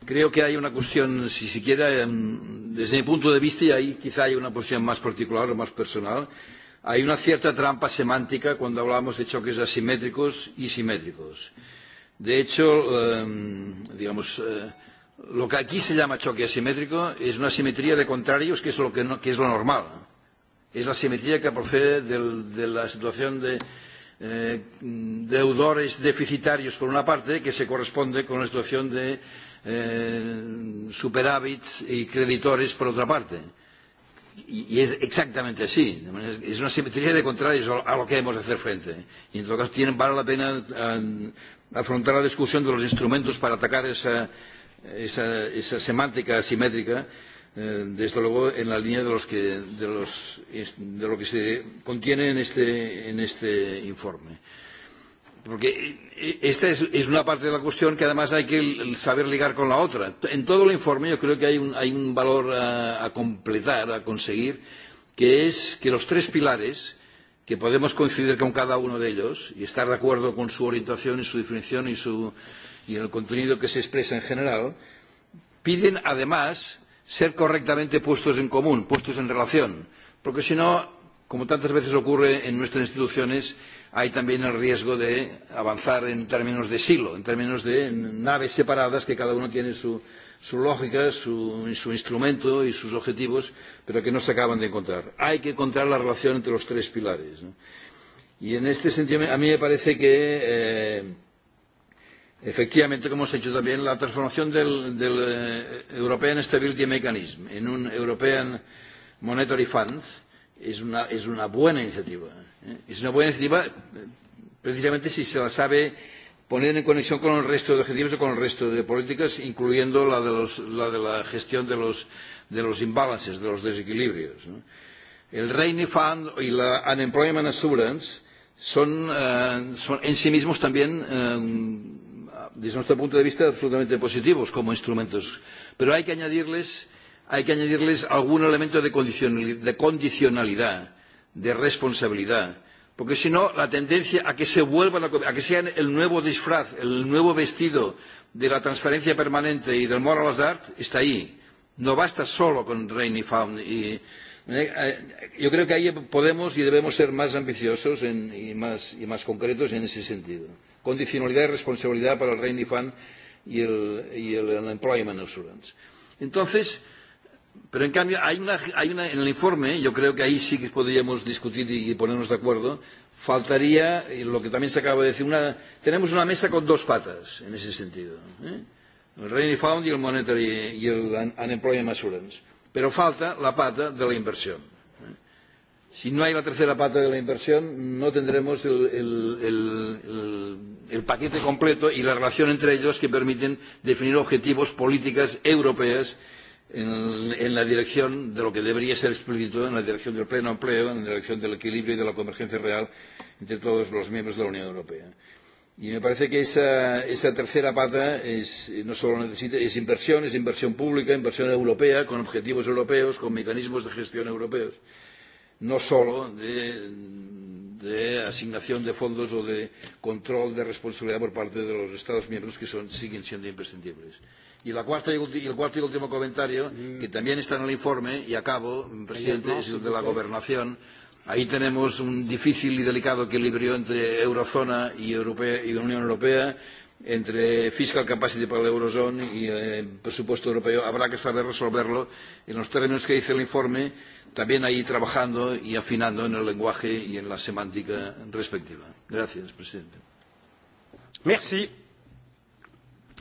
Creo que hay una cuestión, si siquiera, desde mi punto de vista, y ahí quizá hay una cuestión más particular o más personal, hay una cierta trampa semántica cuando hablamos de choques asimétricos y simétricos. De hecho, digamos, eh, Lo que aquí se llama choque asimétrico es una simetría de contrarios, que es lo, que no, que es lo normal. Es la simetría que procede del, de la situación de eh, deudores deficitarios, por una parte, que se corresponde con la situación de eh, superávit y creditores, por otra parte. Y, y es exactamente así. Es una simetría de contrarios a lo, a lo que hemos de hacer frente. Y en todo caso, tiene, vale la pena eh, afrontar la discusión de los instrumentos para atacar esa esa, esa semántica asimétrica, eh, desde luego en la línea de, los que, de, los, de lo que se contiene en este, en este informe. Porque eh, esta es, es una parte de la cuestión que además hay que saber ligar con la otra. En todo el informe yo creo que hay un, hay un valor a, a completar, a conseguir, que es que los tres pilares, que podemos coincidir con cada uno de ellos y estar de acuerdo con su orientación y su definición y su, y en el contenido que se expresa en general, piden además ser correctamente puestos en común, puestos en relación, porque si no, como tantas veces ocurre en nuestras instituciones, hay también el riesgo de avanzar en términos de silo, en términos de naves separadas que cada uno tiene su, su lógica, su, su instrumento y sus objetivos, pero que no se acaban de encontrar. Hay que encontrar la relación entre los tres pilares. ¿no? Y en este sentido, a mí me parece que eh, Efectivamente, como se ha hecho también, la transformación del, del eh, European Stability Mechanism en un European Monetary Fund es una, es una buena iniciativa. ¿eh? Es una buena iniciativa precisamente si se la sabe poner en conexión con el resto de objetivos o con el resto de políticas, incluyendo la de, los, la, de la gestión de los, de los imbalances, de los desequilibrios. ¿no? El Rainy Fund y la Unemployment Assurance son, eh, son en sí mismos también desde nuestro punto de vista, absolutamente positivos como instrumentos, pero hay que añadirles, hay que añadirles algún elemento de, de condicionalidad, de responsabilidad, porque si no, la tendencia a que se vuelvan a, a que sean el nuevo disfraz, el nuevo vestido de la transferencia permanente y del moral hazard está ahí. No basta solo con Rainy y Found. Y, eh, eh, yo creo que ahí podemos y debemos ser más ambiciosos en, y, más, y más concretos en ese sentido condicionalidad y responsabilidad para el Rainy Fund y el, y el, el Employment assurance. Entonces, pero en cambio, hay una, hay una, en el informe, yo creo que ahí sí que podríamos discutir y, ponernos de acuerdo, faltaría, eh, lo que también se acaba de decir, una, tenemos una mesa con dos patas en ese sentido. ¿eh? El Rainy Fund y el Monetary y el Unemployment Assurance. Pero falta la pata de la inversión si no hay la tercera pata de la inversión, no tendremos el, el, el, el, paquete completo y la relación entre ellos que permiten definir objetivos políticas europeas en, en la dirección de lo que debería ser explícito, en la dirección del pleno empleo, en la dirección del equilibrio y de la convergencia real entre todos los miembros de la Unión Europea. Y me parece que esa, esa tercera pata es, no solo necesita, es inversión, es inversión pública, inversión europea, con objetivos europeos, con mecanismos de gestión europeos no solo de, de asignación de fondos o de control de responsabilidad por parte de los Estados miembros que son, siguen siendo imprescindibles. Y, la cuarta y, y el cuarto y último comentario, mm. que también está en el informe, y acabo, presidente, es el de la gobernación. Ahí tenemos un difícil y delicado equilibrio entre eurozona y, Europea, y Unión Europea, entre fiscal capacity para la eurozone y eh, presupuesto europeo. Habrá que saber resolverlo en los términos que dice el informe también ahí trabajando y afinando en el lenguaje y en la semántica respectiva. Gracias, presidente. Merci.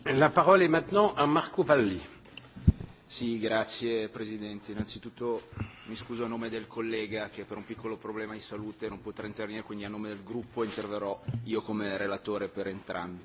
La parole est maintenant à Marco Valli. Sì, grazie Presidente. Innanzitutto mi scuso a nome del collega che per un piccolo problema di salute non potrà intervenire, quindi a nome del gruppo interverrò io come relatore per entrambi.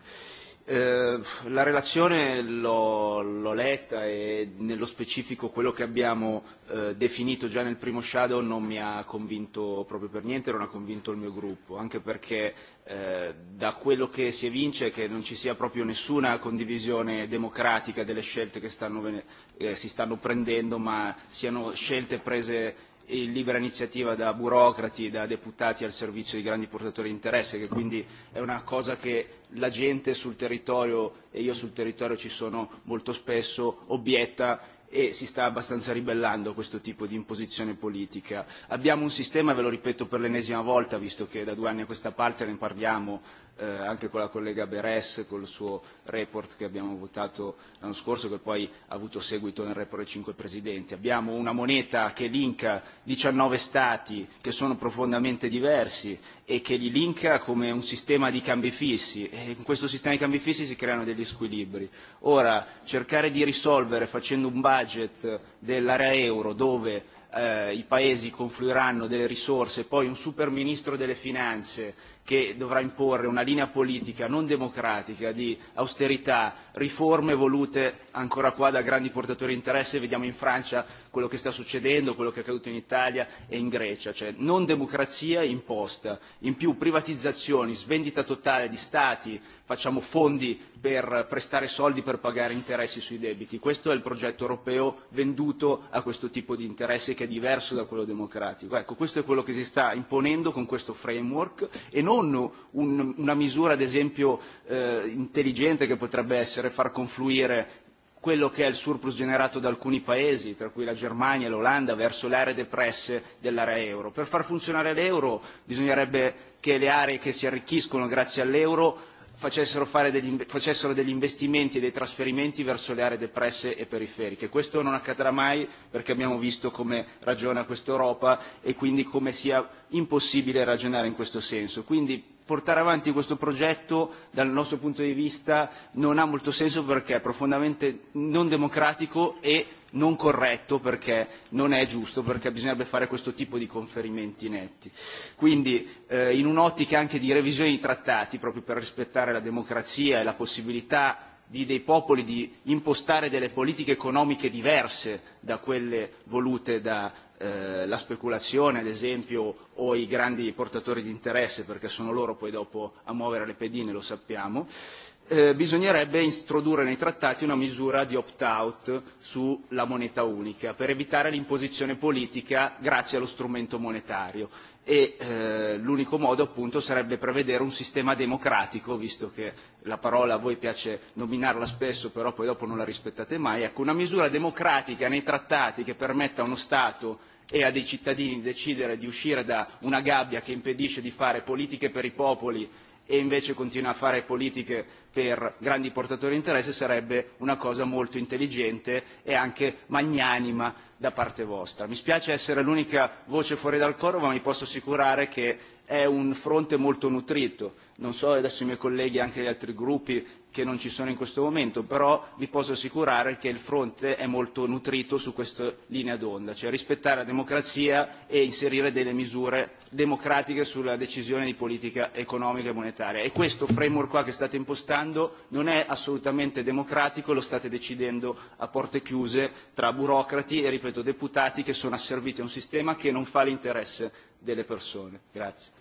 Eh, la relazione l'ho, l'ho letta e nello specifico quello che abbiamo eh, definito già nel primo shadow non mi ha convinto proprio per niente, non ha convinto il mio gruppo, anche perché eh, da quello che si evince è che non ci sia proprio nessuna condivisione democratica delle scelte che stanno, eh, si stanno prendendo, ma siano scelte prese in e libera iniziativa da burocrati, da deputati al servizio di grandi portatori di interesse, che quindi è una cosa che la gente sul territorio, e io sul territorio ci sono molto spesso, obietta e si sta abbastanza ribellando a questo tipo di imposizione politica. Abbiamo un sistema, ve lo ripeto per l'ennesima volta, visto che da due anni a questa parte ne parliamo, eh, anche con la collega Beres, col suo report che abbiamo votato l'anno scorso, che poi ha avuto seguito nel report dei cinque presidenti. Abbiamo una moneta che linka 19 stati che sono profondamente diversi e che li linka come un sistema di cambi fissi e in questo sistema di cambi fissi si creano degli squilibri. Ora, cercare di risolvere facendo un budget dell'area euro dove eh, i paesi confluiranno delle risorse, poi un super ministro delle finanze che dovrà imporre una linea politica non democratica di austerità, riforme volute ancora qua da grandi portatori di interesse, vediamo in Francia quello che sta succedendo, quello che è accaduto in Italia e in Grecia, cioè non democrazia imposta, in più privatizzazioni, svendita totale di stati, facciamo fondi per prestare soldi per pagare interessi sui debiti. Questo è il progetto europeo venduto a questo tipo di interesse che è diverso da quello democratico. Ecco, questo è quello che si sta imponendo con questo framework e non non un, una misura ad esempio eh, intelligente che potrebbe essere far confluire quello che è il surplus generato da alcuni paesi, tra cui la Germania e l'Olanda, verso le aree depresse dell'area euro. Per far funzionare l'euro bisognerebbe che le aree che si arricchiscono grazie all'euro facessero, fare degli, facessero degli investimenti e dei trasferimenti verso le aree depresse e periferiche. Questo non accadrà mai perché abbiamo visto come ragiona questa Europa e quindi come sia impossibile ragionare in questo senso. Quindi portare avanti questo progetto dal nostro punto di vista non ha molto senso perché è profondamente non democratico e non corretto perché non è giusto, perché bisognerebbe fare questo tipo di conferimenti netti. Quindi eh, in un'ottica anche di revisione dei trattati, proprio per rispettare la democrazia e la possibilità di, dei popoli di impostare delle politiche economiche diverse da quelle volute da, eh, la speculazione, ad esempio, o i grandi portatori di interesse, perché sono loro poi dopo a muovere le pedine, lo sappiamo. Eh, eh, bisognerebbe introdurre nei trattati una misura di opt-out sulla moneta unica per evitare l'imposizione politica grazie allo strumento monetario e eh, l'unico modo appunto sarebbe prevedere un sistema democratico, visto che la parola a voi piace nominarla spesso, però poi dopo non la rispettate mai, ecco, una misura democratica nei trattati che permetta a uno Stato e a dei cittadini decidere di uscire da una gabbia che impedisce di fare politiche per i popoli e invece continua a fare politiche per grandi portatori di interesse sarebbe una cosa molto intelligente e anche magnanima da parte vostra. Mi spiace essere l'unica voce fuori dal coro, ma mi posso assicurare che è un fronte molto nutrito. Non so adesso i miei colleghi e anche degli altri gruppi che non ci sono in questo momento, però vi posso assicurare che il fronte è molto nutrito su questa linea d'onda, cioè rispettare la democrazia e inserire delle misure democratiche sulla decisione di politica economica e monetaria e questo framework qua che state impostando non è assolutamente democratico, lo state decidendo a porte chiuse tra burocrati e, ripeto, deputati che sono asserviti a un sistema che non fa l'interesse delle persone. Grazie.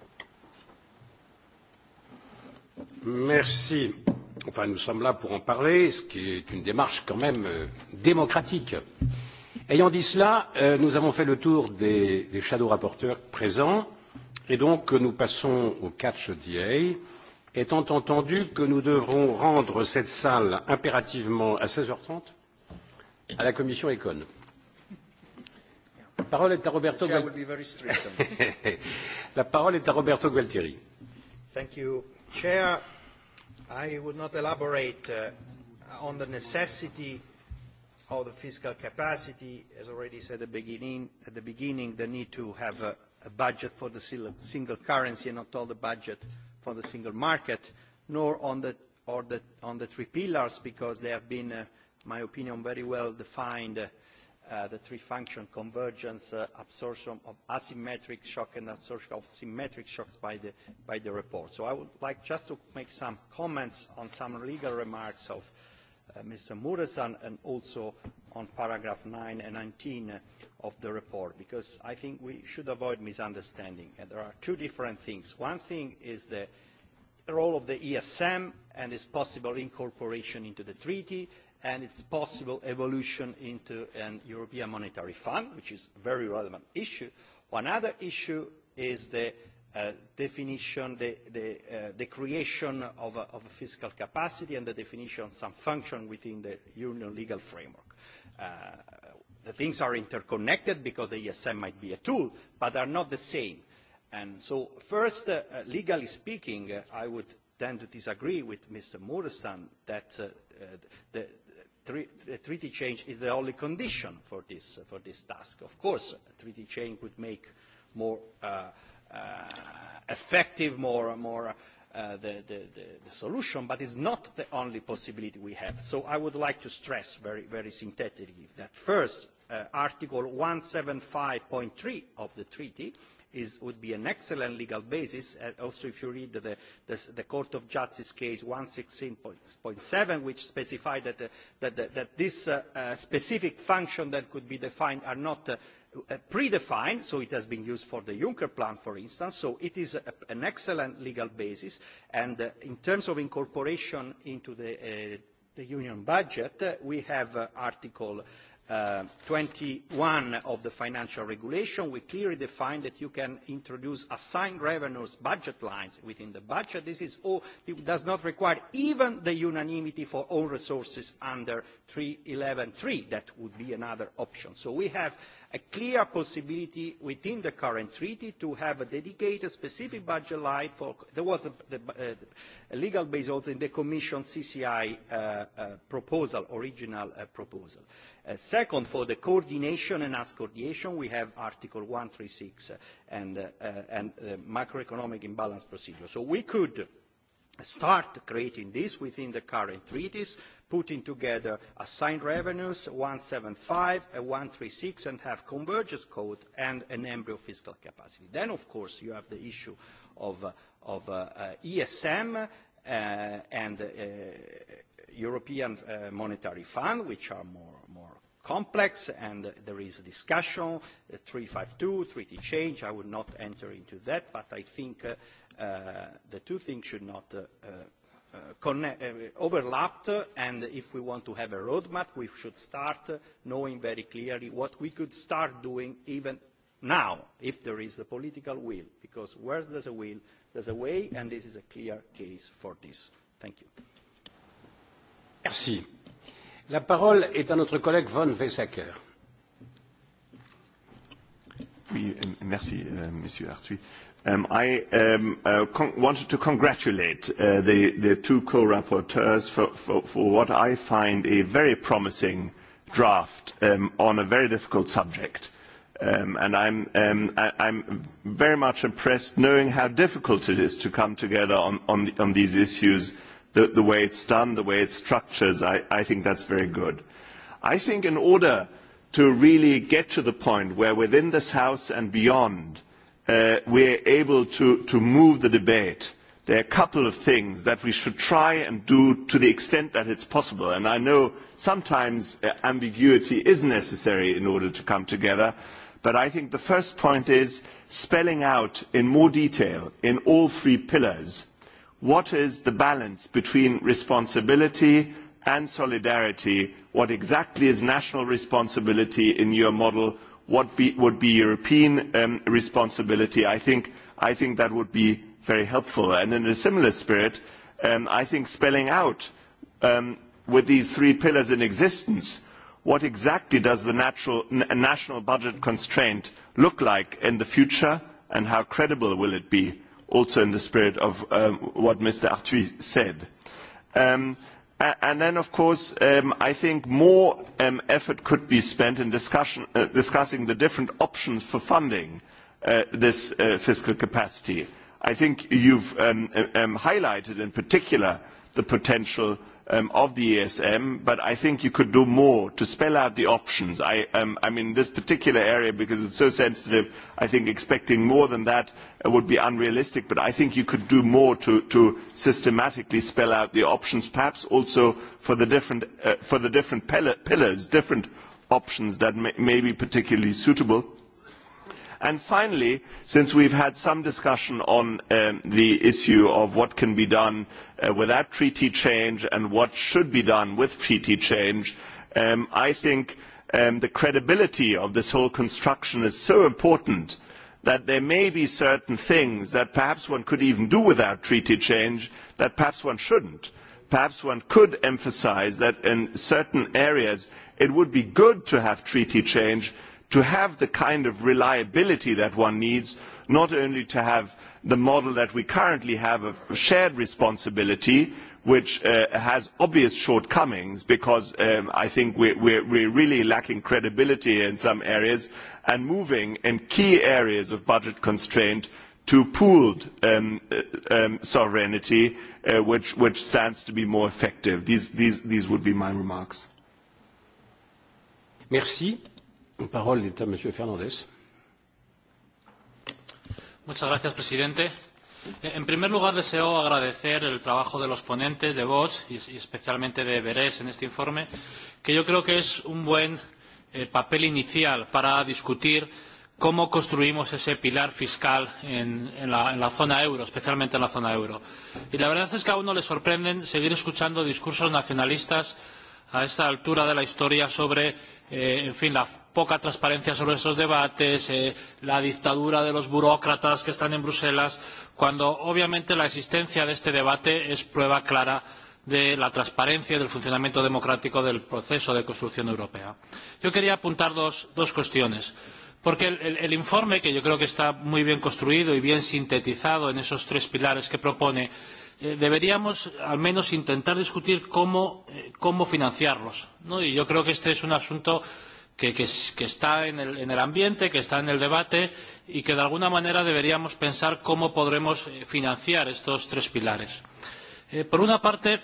Merci. Enfin, nous sommes là pour en parler, ce qui est une démarche quand même euh, démocratique. Ayant dit cela, euh, nous avons fait le tour des, des shadow rapporteurs présents. Et donc, nous passons au catch the eye, étant entendu que nous devrons rendre cette salle impérativement à 16h30 à la commission Econ. La parole est à Roberto, Gual... [laughs] la parole est à Roberto Gualtieri. Thank you, Chair. I would not elaborate uh, on the necessity of the fiscal capacity. As already said at the beginning, at the, beginning the need to have uh, a budget for the single currency and not all the budget for the single market, nor on the, or the, on the three pillars, because they have been, uh, in my opinion, very well defined, uh, uh the three functions, convergence, uh, absorption of asymmetric shock, and absorption of symmetric shocks by the, by the report. So I would like just to make some comments on some legal remarks of Uh, Mr. Muresan and also on paragraph 9 and 19 uh, of the report because I think we should avoid misunderstanding. And there are two different things. One thing is the role of the ESM and its possible incorporation into the treaty and its possible evolution into an European Monetary Fund, which is a very relevant issue. One other issue is the uh, definition, the, the, uh, the creation of a, of a fiscal capacity and the definition of some function within the union legal framework. Uh, the things are interconnected because the ESM might be a tool, but are not the same. And so first, uh, uh, legally speaking, uh, I would tend to disagree with Mr. Morrison that uh, uh, the, the treaty change is the only condition for this, uh, for this task. Of course, a treaty change would make more uh, uh, effective, more, more uh, the, the, the, the solution, but it's not the only possibility we have. So I would like to stress very, very synthetically that first, uh, Article 175.3 of the treaty is, would be an excellent legal basis. Uh, also, if you read the, the, the Court of Justice case 116.7, which specified that, uh, that, that, that this uh, uh, specific function that could be defined are not uh, Uh, predefined, so it has been used for the Juncker plan, for instance, so it is a, an excellent legal basis. And uh, in terms of incorporation into the, uh, the union budget, uh, we have uh, Article uh, 21 of the financial regulation. We clearly define that you can introduce assigned revenues budget lines within the budget. This is all, it does not require even the unanimity for all resources under 311.3. That would be another option. So we have a clear possibility within the current treaty to have a dedicated specific budget line for there was a, the, uh, a legal base also in the commission cci uh, uh, proposal original uh, proposal uh, second for the coordination and as coordination we have article 136 uh, and uh, uh, and uh, macroeconomic imbalance procedure so we could uh, start creating this within the current treaties, putting together assigned revenues, 175 and 136, and have convergence code and an embryo fiscal capacity. Then, of course, you have the issue of, uh, of uh, uh, e ESM uh, and uh, European uh, Monetary Fund, which are more, more complex and there is a discussion, uh, 352, treaty change, I would not enter into that, but I think uh, uh, the two things should not uh, uh, uh connect, uh, overlap and if we want to have a roadmap we should start uh, knowing very clearly what we could start doing even now if there is the political will because where there's a will there's a way and this is a clear case for this. Thank you. Merci. La parole est à notre collègue Von Weizsäcker. Oui, euh, merci, euh, Monsieur Arthuis. Um, I um, uh, con wanted to congratulate uh, the, the two co-rapporteurs for, for, for what I find a very promising draft um, on a very difficult subject. Um, and I'm, um, I, I'm very much impressed knowing how difficult it is to come together on, on, on these issues the, the way it's done, the way it's structured, I, I think that's very good. I think in order to really get to the point where within this House and beyond, uh, we're able to, to move the debate, there are a couple of things that we should try and do to the extent that it is possible. And I know sometimes uh, ambiguity is necessary in order to come together, but I think the first point is spelling out in more detail in all three pillars what is the balance between responsibility and solidarity? What exactly is national responsibility in your model? What be, would be European um, responsibility? I think, I think that would be very helpful. And in a similar spirit, um, I think spelling out um, with these three pillars in existence, what exactly does the natural, national budget constraint look like in the future and how credible will it be? also in the spirit of um, what Mr. Arthuis said. Um, and then, of course, um, I think more um, effort could be spent in discussion, uh, discussing the different options for funding uh, this uh, fiscal capacity. I think you've um, um, highlighted in particular the potential um, of the ESM, but I think you could do more to spell out the options. I, um, I mean, this particular area, because it's so sensitive, I think expecting more than that uh, would be unrealistic, but I think you could do more to, to systematically spell out the options, perhaps also for the different, uh, for the different pillars, different options that may, may be particularly suitable And finally, since we have had some discussion on um, the issue of what can be done uh, without treaty change and what should be done with treaty change, um, I think um, the credibility of this whole construction is so important that there may be certain things that perhaps one could even do without treaty change that perhaps one should not. Perhaps one could emphasise that in certain areas it would be good to have treaty change to have the kind of reliability that one needs, not only to have the model that we currently have of shared responsibility, which uh, has obvious shortcomings because um, I think we we're, we're really lacking credibility in some areas and moving in key areas of budget constraint to pooled um, uh, um, sovereignty, uh, which, which, stands to be more effective. These, these, these would be my remarks. Merci. Señor presidente. Eh, en primer lugar, deseo agradecer el trabajo de los ponentes de Bots y especialmente de Berès en este informe, que yo creo que es un buen eh, papel inicial para discutir cómo construimos ese pilar fiscal en, en, la, en, la, zona euro, especialmente en la zona euro. Y la verdad es que a uno le sorprenden seguir escuchando discursos nacionalistas a esta altura de la historia sobre eh, en fin, la poca transparencia sobre esos debates, eh, la dictadura de los burócratas que están en Bruselas, cuando obviamente la existencia de este debate es prueba clara de la transparencia y del funcionamiento democrático del proceso de construcción europea. Yo quería apuntar dos, dos cuestiones, porque el, el, el, informe, que yo creo que está muy bien construido y bien sintetizado en esos tres pilares que propone, eh, deberíamos al menos intentar discutir cómo, eh, cómo financiarlos. ¿no? Y yo creo que este es un asunto que que, que, que está en el, en el ambiente, que está en el debate y que de alguna manera deberíamos pensar cómo podremos eh, financiar estos tres pilares. Eh, por una parte,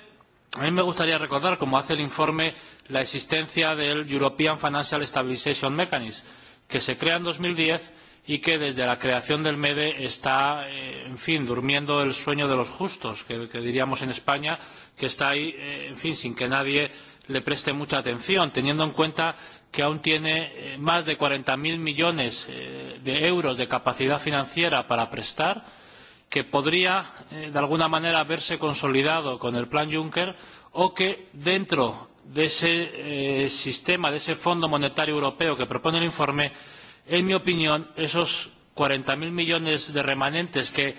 a mí me gustaría recordar, como hace el informe, la existencia del European Financial Stabilization Mechanism, que se crea en dos mil diez y que desde la creación del MEDE está, eh, en fin, durmiendo el sueño de los justos, que, que diríamos en España, que está ahí, eh, en fin, sin que nadie le preste mucha atención, teniendo en cuenta que aún tiene eh, más de cuarenta cero millones eh, de euros de capacidad financiera para prestar, que podría eh, de alguna manera verse consolidado con el plan Juncker o que dentro de ese sistema, de ese Fondo Monetario Europeo que propone el informe, en mi opinión, esos cuarenta cero millones de remanentes que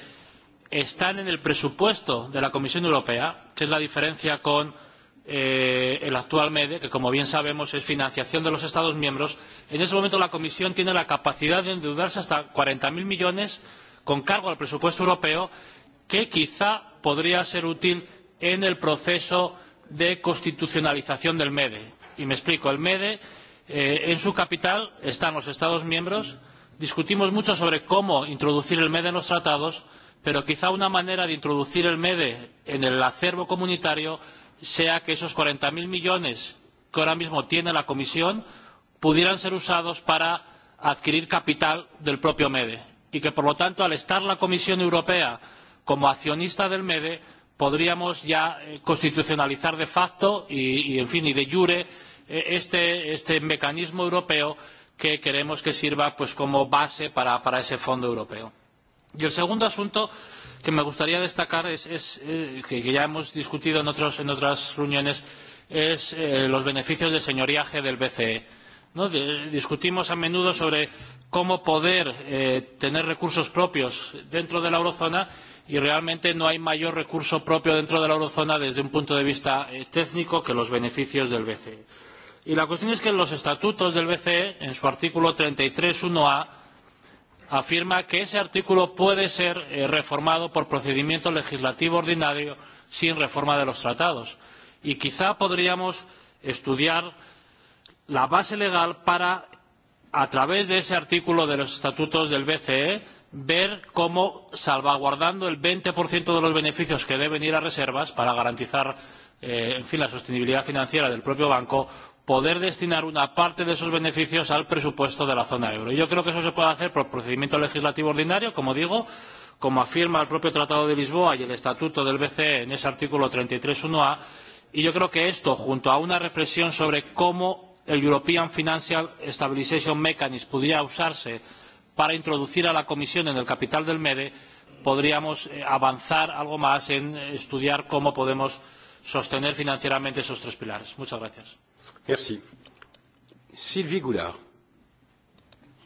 están en el presupuesto de la Comisión Europea, que es la diferencia con eh, el actual MEDE, que como bien sabemos es financiación de los Estados miembros, en ese momento la Comisión tiene la capacidad de endeudarse hasta cuarenta 40.000 millones con cargo al presupuesto europeo, que quizá podría ser útil en el proceso de constitucionalización del MEDE. Y me explico, el MEDE eh, en su capital están los Estados miembros. Discutimos mucho sobre cómo introducir el MEDE en los tratados, pero quizá una manera de introducir el MEDE en el acervo comunitario sea que esos cuarenta cero millones que ahora mismo tiene la Comisión pudieran ser usados para adquirir capital del propio MEDE y que, por lo tanto, al estar la Comisión Europea como accionista del MEDE, podríamos ya eh, constitucionalizar de facto y, y en fin, y de jure eh, este, este mecanismo europeo que queremos que sirva pues, como base para, para ese fondo europeo. Y el segundo asunto que me gustaría destacar es, es eh, que, ya hemos discutido en, otros, en otras reuniones es eh, los beneficios del señoriaje del BCE. ¿no? De, discutimos a menudo sobre cómo poder eh, tener recursos propios dentro de la eurozona y realmente no hay mayor recurso propio dentro de la eurozona desde un punto de vista eh, técnico que los beneficios del BCE. Y la cuestión es que los estatutos del BCE, en su artículo 33.1a, afirma que ese artículo puede ser eh, reformado por procedimiento legislativo ordinario sin reforma de los tratados. Y quizá podríamos estudiar la base legal para, a través de ese artículo de los estatutos del BCE, ver cómo, salvaguardando el veinte de los beneficios que deben ir a reservas para garantizar eh, en fin, la sostenibilidad financiera del propio banco, poder destinar una parte de esos beneficios al presupuesto de la zona euro. Y yo creo que eso se puede hacer por procedimiento legislativo ordinario, como digo, como afirma el propio Tratado de Lisboa y el Estatuto del BCE en ese artículo treinta y tres uno a y yo creo que esto, junto a una reflexión sobre cómo el European Financial Stabilisation Mechanism podría usarse para introducir a la Comisión en el capital del MEDE, podríamos eh, avanzar algo más en eh, estudiar cómo podemos sostener financieramente esos tres pilares. Muchas gracias. Sylvie Goulard.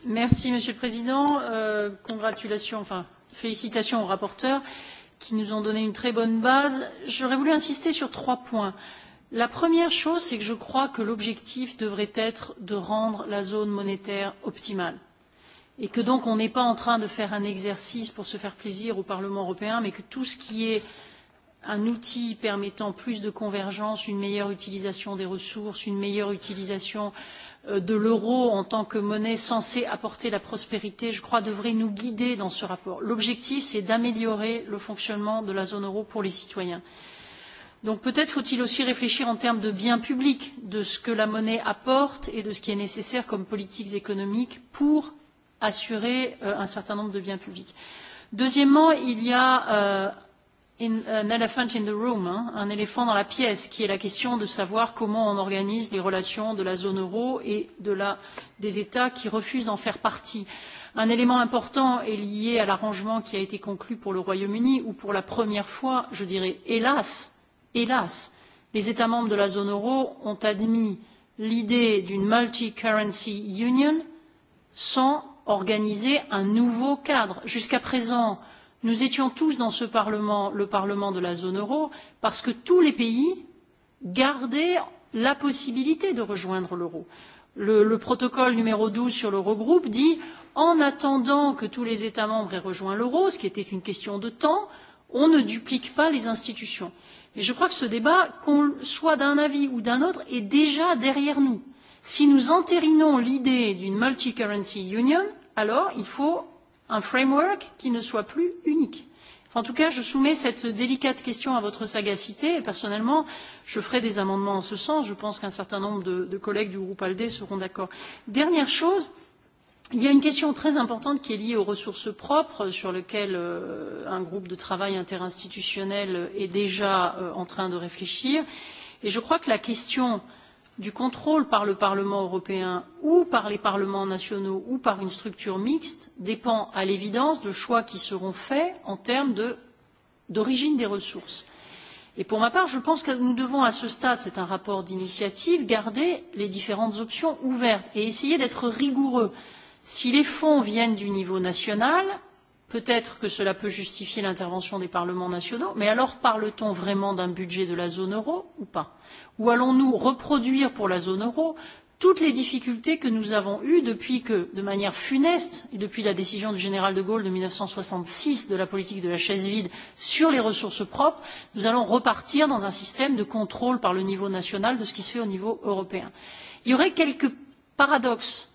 Merci, Monsieur le Président. Euh, congratulations, enfin, félicitations aux rapporteurs qui nous ont donné une très bonne base. J'aurais voulu insister sur trois points. La première chose, c'est que je crois que l'objectif devrait être de rendre la zone monétaire optimale et que donc on n'est pas en train de faire un exercice pour se faire plaisir au Parlement européen, mais que tout ce qui est un outil permettant plus de convergence, une meilleure utilisation des ressources, une meilleure utilisation euh, de l'euro en tant que monnaie censée apporter la prospérité, je crois, devrait nous guider dans ce rapport. L'objectif, c'est d'améliorer le fonctionnement de la zone euro pour les citoyens. Donc peut-être faut-il aussi réfléchir en termes de biens publics, de ce que la monnaie apporte et de ce qui est nécessaire comme politiques économiques pour assurer euh, un certain nombre de biens publics. Deuxièmement, il y a euh, an elephant in the room, hein, un éléphant dans la pièce, qui est la question de savoir comment on organise les relations de la zone euro et de la, des États qui refusent d'en faire partie. Un élément important est lié à l'arrangement qui a été conclu pour le Royaume-Uni, où pour la première fois, je dirais hélas, hélas, les États membres de la zone euro ont admis l'idée d'une multi-currency union sans organiser un nouveau cadre. Jusqu'à présent, nous étions tous dans ce Parlement, le Parlement de la zone euro, parce que tous les pays gardaient la possibilité de rejoindre l'euro. Le, le, protocole numéro douze sur l'Eurogroupe dit en attendant que tous les États membres aient rejoint l'euro, ce qui était une question de temps, on ne duplique pas les institutions. Mais je crois que ce débat, qu'on soit d'un avis ou d'un autre, est déjà derrière nous. Si nous entérinons l'idée d'une multi currency union, alors il faut un framework qui ne soit plus unique. en tout cas, je soumets cette délicate question à votre sagacité et personnellement, je ferai des amendements en ce sens. Je pense qu'un certain nombre de, de collègues du groupe ALDE seront d'accord. Dernière chose, il y a une question très importante qui est liée aux ressources propres, sur euh, un groupe de travail interinstitutionnel est déjà euh, en train de réfléchir. Et je crois que la question euh, du contrôle par le Parlement européen ou par les parlements nationaux ou par une structure mixte dépend à l'évidence de choix qui seront faits en termes d'origine de, des ressources. Et pour ma part, je pense que nous devons à ce stade, c'est un rapport d'initiative, garder les différentes options ouvertes et essayer d'être rigoureux. Si les fonds viennent du niveau national, Peut-être que cela peut justifier l'intervention des parlements nationaux, mais alors parle-t-on vraiment d'un budget de la zone euro ou pas Ou allons-nous reproduire pour la zone euro toutes les difficultés que nous avons eues depuis que, de manière funeste, et depuis la décision du général de Gaulle de mille neuf cent soixante six de la politique de la chaise vide sur les ressources propres, nous allons repartir dans un système de contrôle par le niveau national de ce qui se fait au niveau européen. Il y aurait quelques paradoxes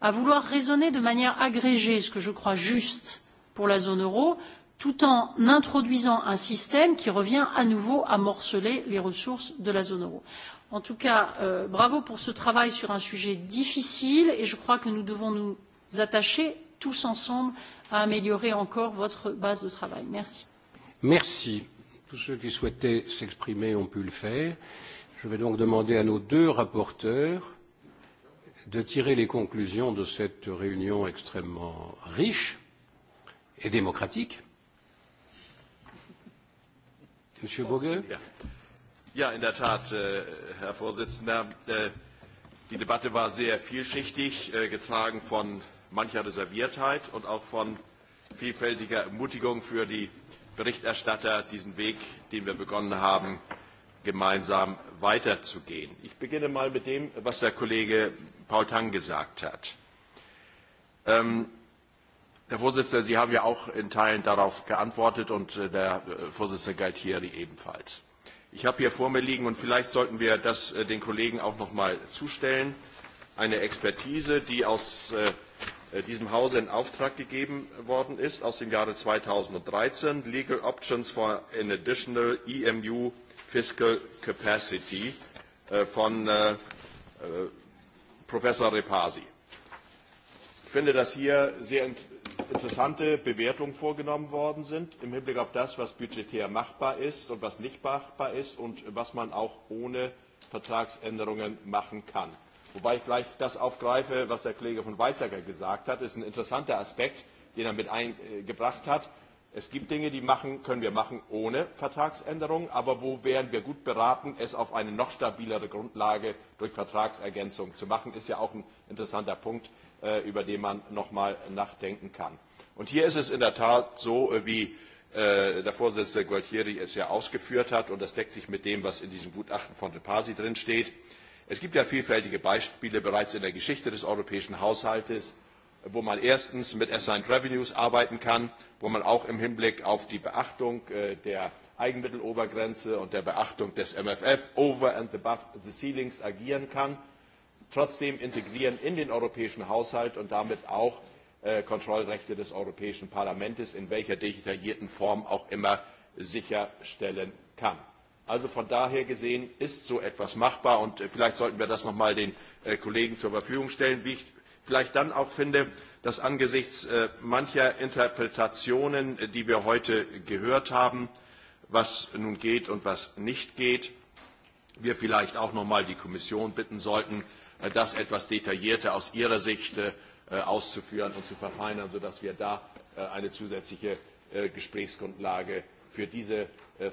à vouloir raisonner de manière agrégée, ce que je crois juste, pour la zone euro, tout en introduisant un système qui revient à nouveau à morceler les ressources de la zone euro. En tout cas, euh, bravo pour ce travail sur un sujet difficile et je crois que nous devons nous attacher tous ensemble à améliorer encore votre base de travail. Merci. Merci. Tous ceux qui souhaitaient s'exprimer ont pu le faire. Je vais donc demander à nos deux rapporteurs de tirer les conclusions de cette réunion extrêmement riche et démocratique. Monsieur Bogue. Ja. ja, in der Tat, äh, Herr Vorsitzender. Äh, die Debatte war sehr vielschichtig, äh, getragen von mancher Reserviertheit und auch von vielfältiger Ermutigung für die Berichterstatter, diesen Weg, den wir begonnen haben, gemeinsam weiterzugehen. Ich beginne mal mit dem, was der Kollege Paul Tang gesagt hat. Ähm, Herr Vorsitzender, Sie haben ja auch in Teilen darauf geantwortet und äh, der äh, Vorsitzende Galtieri ebenfalls. Ich habe hier vor mir liegen und vielleicht sollten wir das äh, den Kollegen auch noch mal zustellen. Eine Expertise, die aus diesem Hause in Auftrag gegeben worden ist, aus dem Jahre 2013, Legal Options for an Additional EMU Fiscal Capacity von Professor Repasi. Ich finde das hier sehr interessante Bewertungen vorgenommen worden sind im Hinblick auf das, was budgetär machbar ist und was nicht machbar ist und was man auch ohne Vertragsänderungen machen kann. Wobei ich gleich das aufgreife, was der Kollege von Weizsäcker gesagt hat. Das ist ein interessanter Aspekt, den er mit eingebracht hat. Es gibt Dinge, die machen, können wir machen ohne Vertragsänderungen, aber wo wären wir gut beraten, es auf eine noch stabilere Grundlage durch Vertragsergänzung zu machen, ist ja auch ein interessanter Punkt, Äh, über den man noch mal nachdenken kann. Und hier ist es in der Tat so, äh, wie äh, der Vorsitzende Gualtieri es ja ausgeführt hat, und das deckt sich mit dem, was in diesem Gutachten von De Pasi drinsteht. Es gibt ja vielfältige Beispiele bereits in der Geschichte des europäischen Haushaltes, wo man erstens mit Assigned Revenues arbeiten kann, wo man auch im Hinblick auf die Beachtung der Eigenmittelobergrenze und der Beachtung des MFF over and above the ceilings agieren kann trotzdem integrieren in den europäischen haushalt und damit auch äh, kontrollrechte des europäischen parlaments in welcher detaillierten form auch immer sicherstellen kann. also von daher gesehen ist so etwas machbar und äh, vielleicht sollten wir das noch einmal den äh, kollegen zur verfügung stellen wie ich vielleicht dann auch finde dass angesichts mancher interpretationen die wir heute gehört haben was nun geht und was nicht geht wir vielleicht auch noch einmal die kommission bitten sollten Äh, das etwas detaillierter aus Ihrer Sicht äh, äh, auszuführen und zu verfeinern, sodass wir da eine zusätzliche Gesprächsgrundlage für diese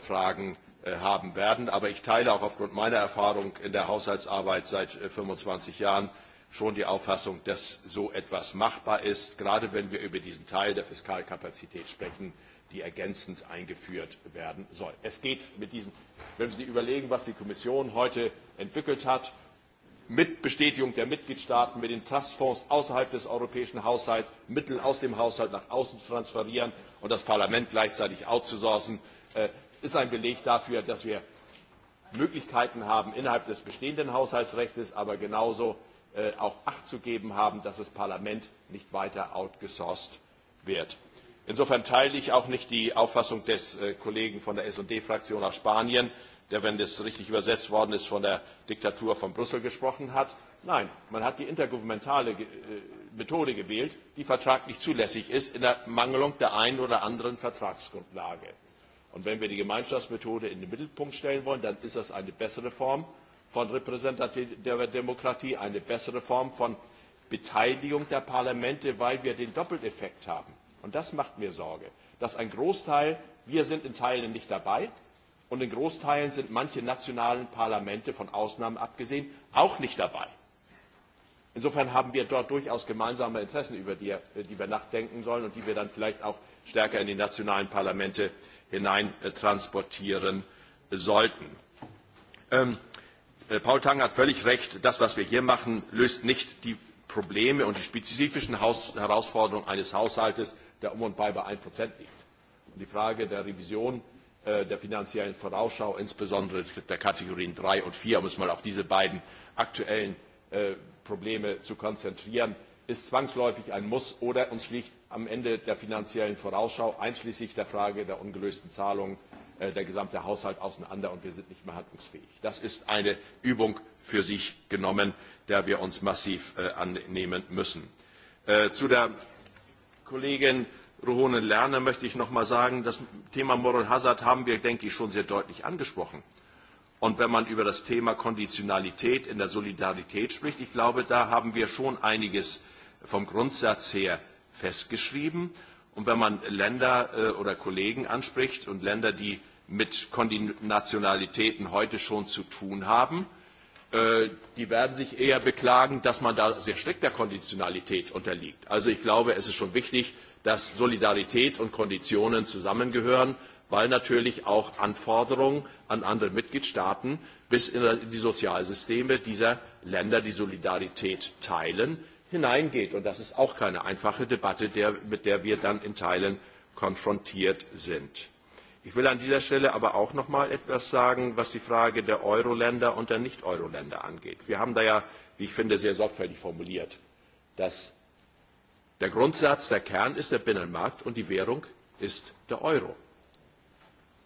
Fragen haben werden. Aber ich teile auch aufgrund meiner Erfahrung in der Haushaltsarbeit seit 25 Jahren schon die Auffassung, dass so etwas machbar ist, gerade wenn wir über diesen Teil der Fiskalkapazität sprechen, die ergänzend eingeführt werden soll. Es geht mit diesem, wenn Sie überlegen, was die Kommission heute entwickelt hat mit Bestätigung der Mitgliedstaaten mit den Trustfonds außerhalb des europäischen Haushalts Mittel aus dem Haushalt nach außen zu transferieren und das Parlament gleichzeitig outzusourcen, äh, ist ein Beleg dafür, dass wir Möglichkeiten haben, innerhalb des bestehenden Haushaltsrechts, aber genauso äh, auch Acht zu geben haben, dass das Parlament nicht weiter outgesourced wird. Insofern teile ich auch nicht die Auffassung des äh, Kollegen von der S&D Fraktion aus Spanien, der, wenn das richtig übersetzt worden ist, von der Diktatur von Brüssel gesprochen hat. Nein, man hat die intergouvernementale äh, Methode gewählt, die vertraglich zulässig ist, in der Mangelung der einen oder anderen Vertragsgrundlage. Und wenn wir die Gemeinschaftsmethode in den Mittelpunkt stellen wollen, dann ist das eine bessere Form von repräsentativer Demokratie, eine bessere Form von Beteiligung der Parlamente, weil wir den Doppeleffekt haben. Und das macht mir Sorge, dass ein Großteil, wir sind in Teilen nicht dabei, Und in Großteilen sind manche nationalen Parlamente, von Ausnahmen abgesehen, auch nicht dabei. Insofern haben wir dort durchaus gemeinsame Interessen, über die, äh, die wir nachdenken sollen und die wir dann vielleicht auch stärker in die nationalen Parlamente hinein äh, transportieren sollten. Ähm, äh, Paul Tang hat völlig recht, das, was wir hier machen, löst nicht die Probleme und die spezifischen Haus Herausforderungen eines Haushaltes, der um und bei bei 1% liegt. Und die Frage der Revision Äh, der finanziellen Vorausschau, insbesondere der Kategorien drei und vier, um es mal auf diese beiden aktuellen äh, Probleme zu konzentrieren, ist zwangsläufig ein Muss oder uns liegt am Ende der finanziellen Vorausschau einschließlich der Frage der ungelösten Zahlungen äh, der gesamte Haushalt auseinander und wir sind nicht mehr handlungsfähig. Das ist eine Übung für sich genommen, der wir uns massiv annehmen müssen. Zu der Kollegin Ruhonen lerne, möchte ich noch mal sagen, das Thema Moral Hazard haben wir, denke ich, schon sehr deutlich angesprochen. Und wenn man über das Thema Konditionalität in der Solidarität spricht, ich glaube, da haben wir schon einiges vom Grundsatz her festgeschrieben. Und wenn man Länder äh, oder Kollegen anspricht und Länder, die mit Konditionalitäten heute schon zu tun haben, äh, die werden sich eher beklagen, dass man da sehr strikter Konditionalität unterliegt. Also ich glaube, es ist schon wichtig, dass Solidarität und Konditionen zusammengehören, weil natürlich auch Anforderungen an andere Mitgliedstaaten bis in die Sozialsysteme dieser Länder, die Solidarität teilen, hineingeht. Und das ist auch keine einfache Debatte, der, mit der wir dann in Teilen konfrontiert sind. Ich will an dieser Stelle aber auch noch mal etwas sagen, was die Frage der Euro-Länder und der Nicht-Euro-Länder angeht. Wir haben da ja, wie ich finde, sehr sorgfältig formuliert, dass Der Grundsatz, der Kern ist der Binnenmarkt und die Währung ist der Euro.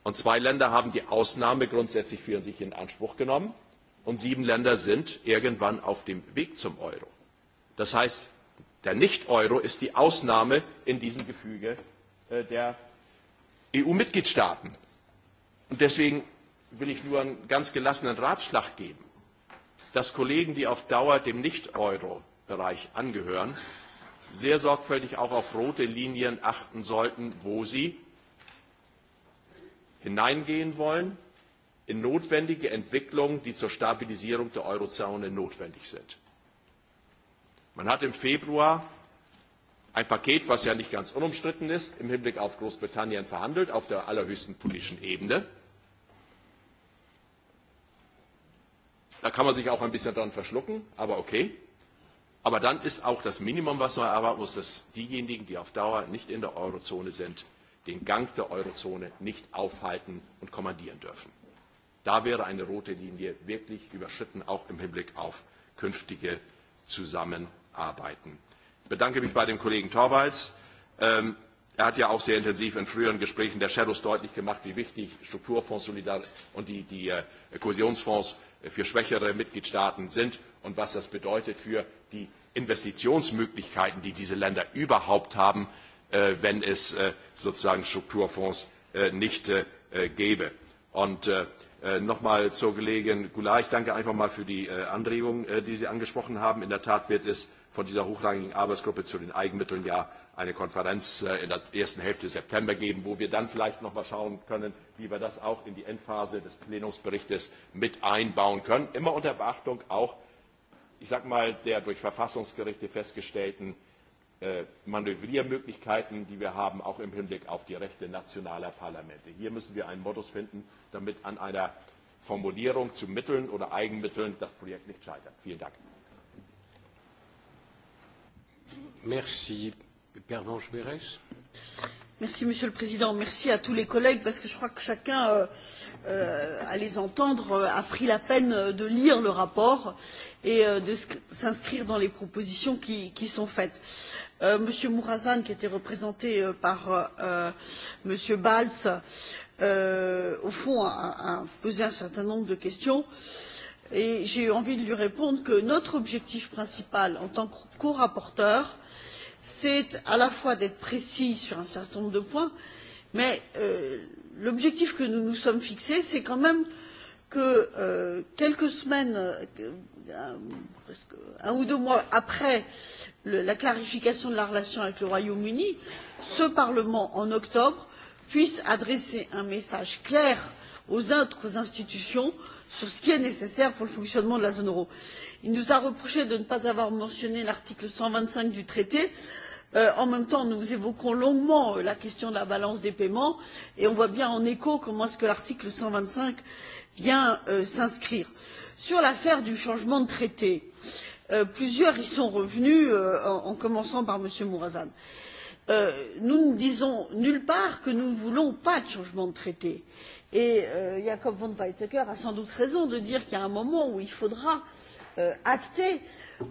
Und zwei Länder haben die Ausnahme grundsätzlich für sich in Anspruch genommen und sieben Länder sind irgendwann auf dem Weg zum Euro. Das heißt, der Nicht-Euro ist die Ausnahme in diesem Gefüge äh, der EU-Mitgliedstaaten. Und deswegen will ich nur einen ganz gelassenen Ratschlag geben, dass Kollegen, die auf Dauer dem Nicht-Euro-Bereich angehören, sehr sorgfältig auch auf rote Linien achten sollten, wo sie hineingehen wollen in notwendige Entwicklungen, die zur Stabilisierung der Eurozone notwendig sind. Man hat im Februar ein Paket, das ja nicht ganz unumstritten ist, im Hinblick auf Großbritannien verhandelt, auf der allerhöchsten politischen Ebene. Da kann man sich auch ein bisschen dran verschlucken, aber okay. Aber dann ist auch das Minimum, was man erwarten muss, dass diejenigen, die auf Dauer nicht in der Eurozone sind, den Gang der Eurozone nicht aufhalten und kommandieren dürfen. Da wäre eine rote Linie wirklich überschritten, auch im Hinblick auf künftige Zusammenarbeiten. Ich bedanke mich bei dem Kollegen Torvalds. Ähm, er hat ja auch sehr intensiv in früheren Gesprächen der Shadows deutlich gemacht, wie wichtig Strukturfonds Solidar und die, die äh, Kohäsionsfonds für schwächere Mitgliedstaaten sind und was das bedeutet für die Investitionsmöglichkeiten, die diese Länder überhaupt haben, äh, wenn es äh, sozusagen Strukturfonds äh, nicht gäbe. Und nochmal zur Kollegin Goulart. Ich danke einfach mal für die Anregung, die Sie angesprochen haben. In der Tat wird es von dieser hochrangigen Arbeitsgruppe zu den Eigenmitteln ja eine Konferenz in der ersten Hälfte September geben, wo wir dann vielleicht noch einmal schauen können, wie wir das auch in die Endphase des Plenumsberichts mit einbauen können. Immer unter Beachtung auch ich sag mal, der durch Verfassungsgerichte festgestellten äh, Manövriermöglichkeiten, die wir haben, auch im Hinblick auf die Rechte nationaler Parlamente. Hier müssen wir einen Modus finden, damit an einer Formulierung zu Mitteln oder Eigenmitteln das Projekt nicht scheitert. Vielen Dank. Merci. Merci, monsieur le président merci à tous les collègues parce que je crois que chacun à euh, euh, les entendre euh, a pris la peine de lire le rapport et de s'inscrire dans les propositions qui, sont faites. monsieur murean qui était représenté par monsieur balz au fond a, posé un certain nombre de questions et j'ai eu envie de lui répondre que notre objectif principal en tant que corapporteurs c'est à la fois d'être précis sur un certain nombre de points mais euh, l'objectif que nous nous sommes fixés, c'est quand même que euh, quelques semaines euh, un, presque un ou deux mois après le, la clarification de la relation avec le royaume uni ce parlement en octobre puisse adresser un message clair aux autres institutions sur ce qui est nécessaire pour le fonctionnement de la zone euro. il nous a reproché de ne pas avoir mentionné l'article cent vingt cinq du traité. Euh, en même temps nous évoquons longuement euh, la question de la balance des paiements et on voit bien en écho comment l'article cent vingt cinq vient euh, s'inscrire. sur l'affaire du changement de traité plusieurs y sont revenus en commençant par m. Mourazan. nous ne disons nulle part que nous ne voulons pas de changement de traité. Et euh, Jacob von Weizsäcker a sans doute raison de dire qu'il y a un moment où il faudra euh, acter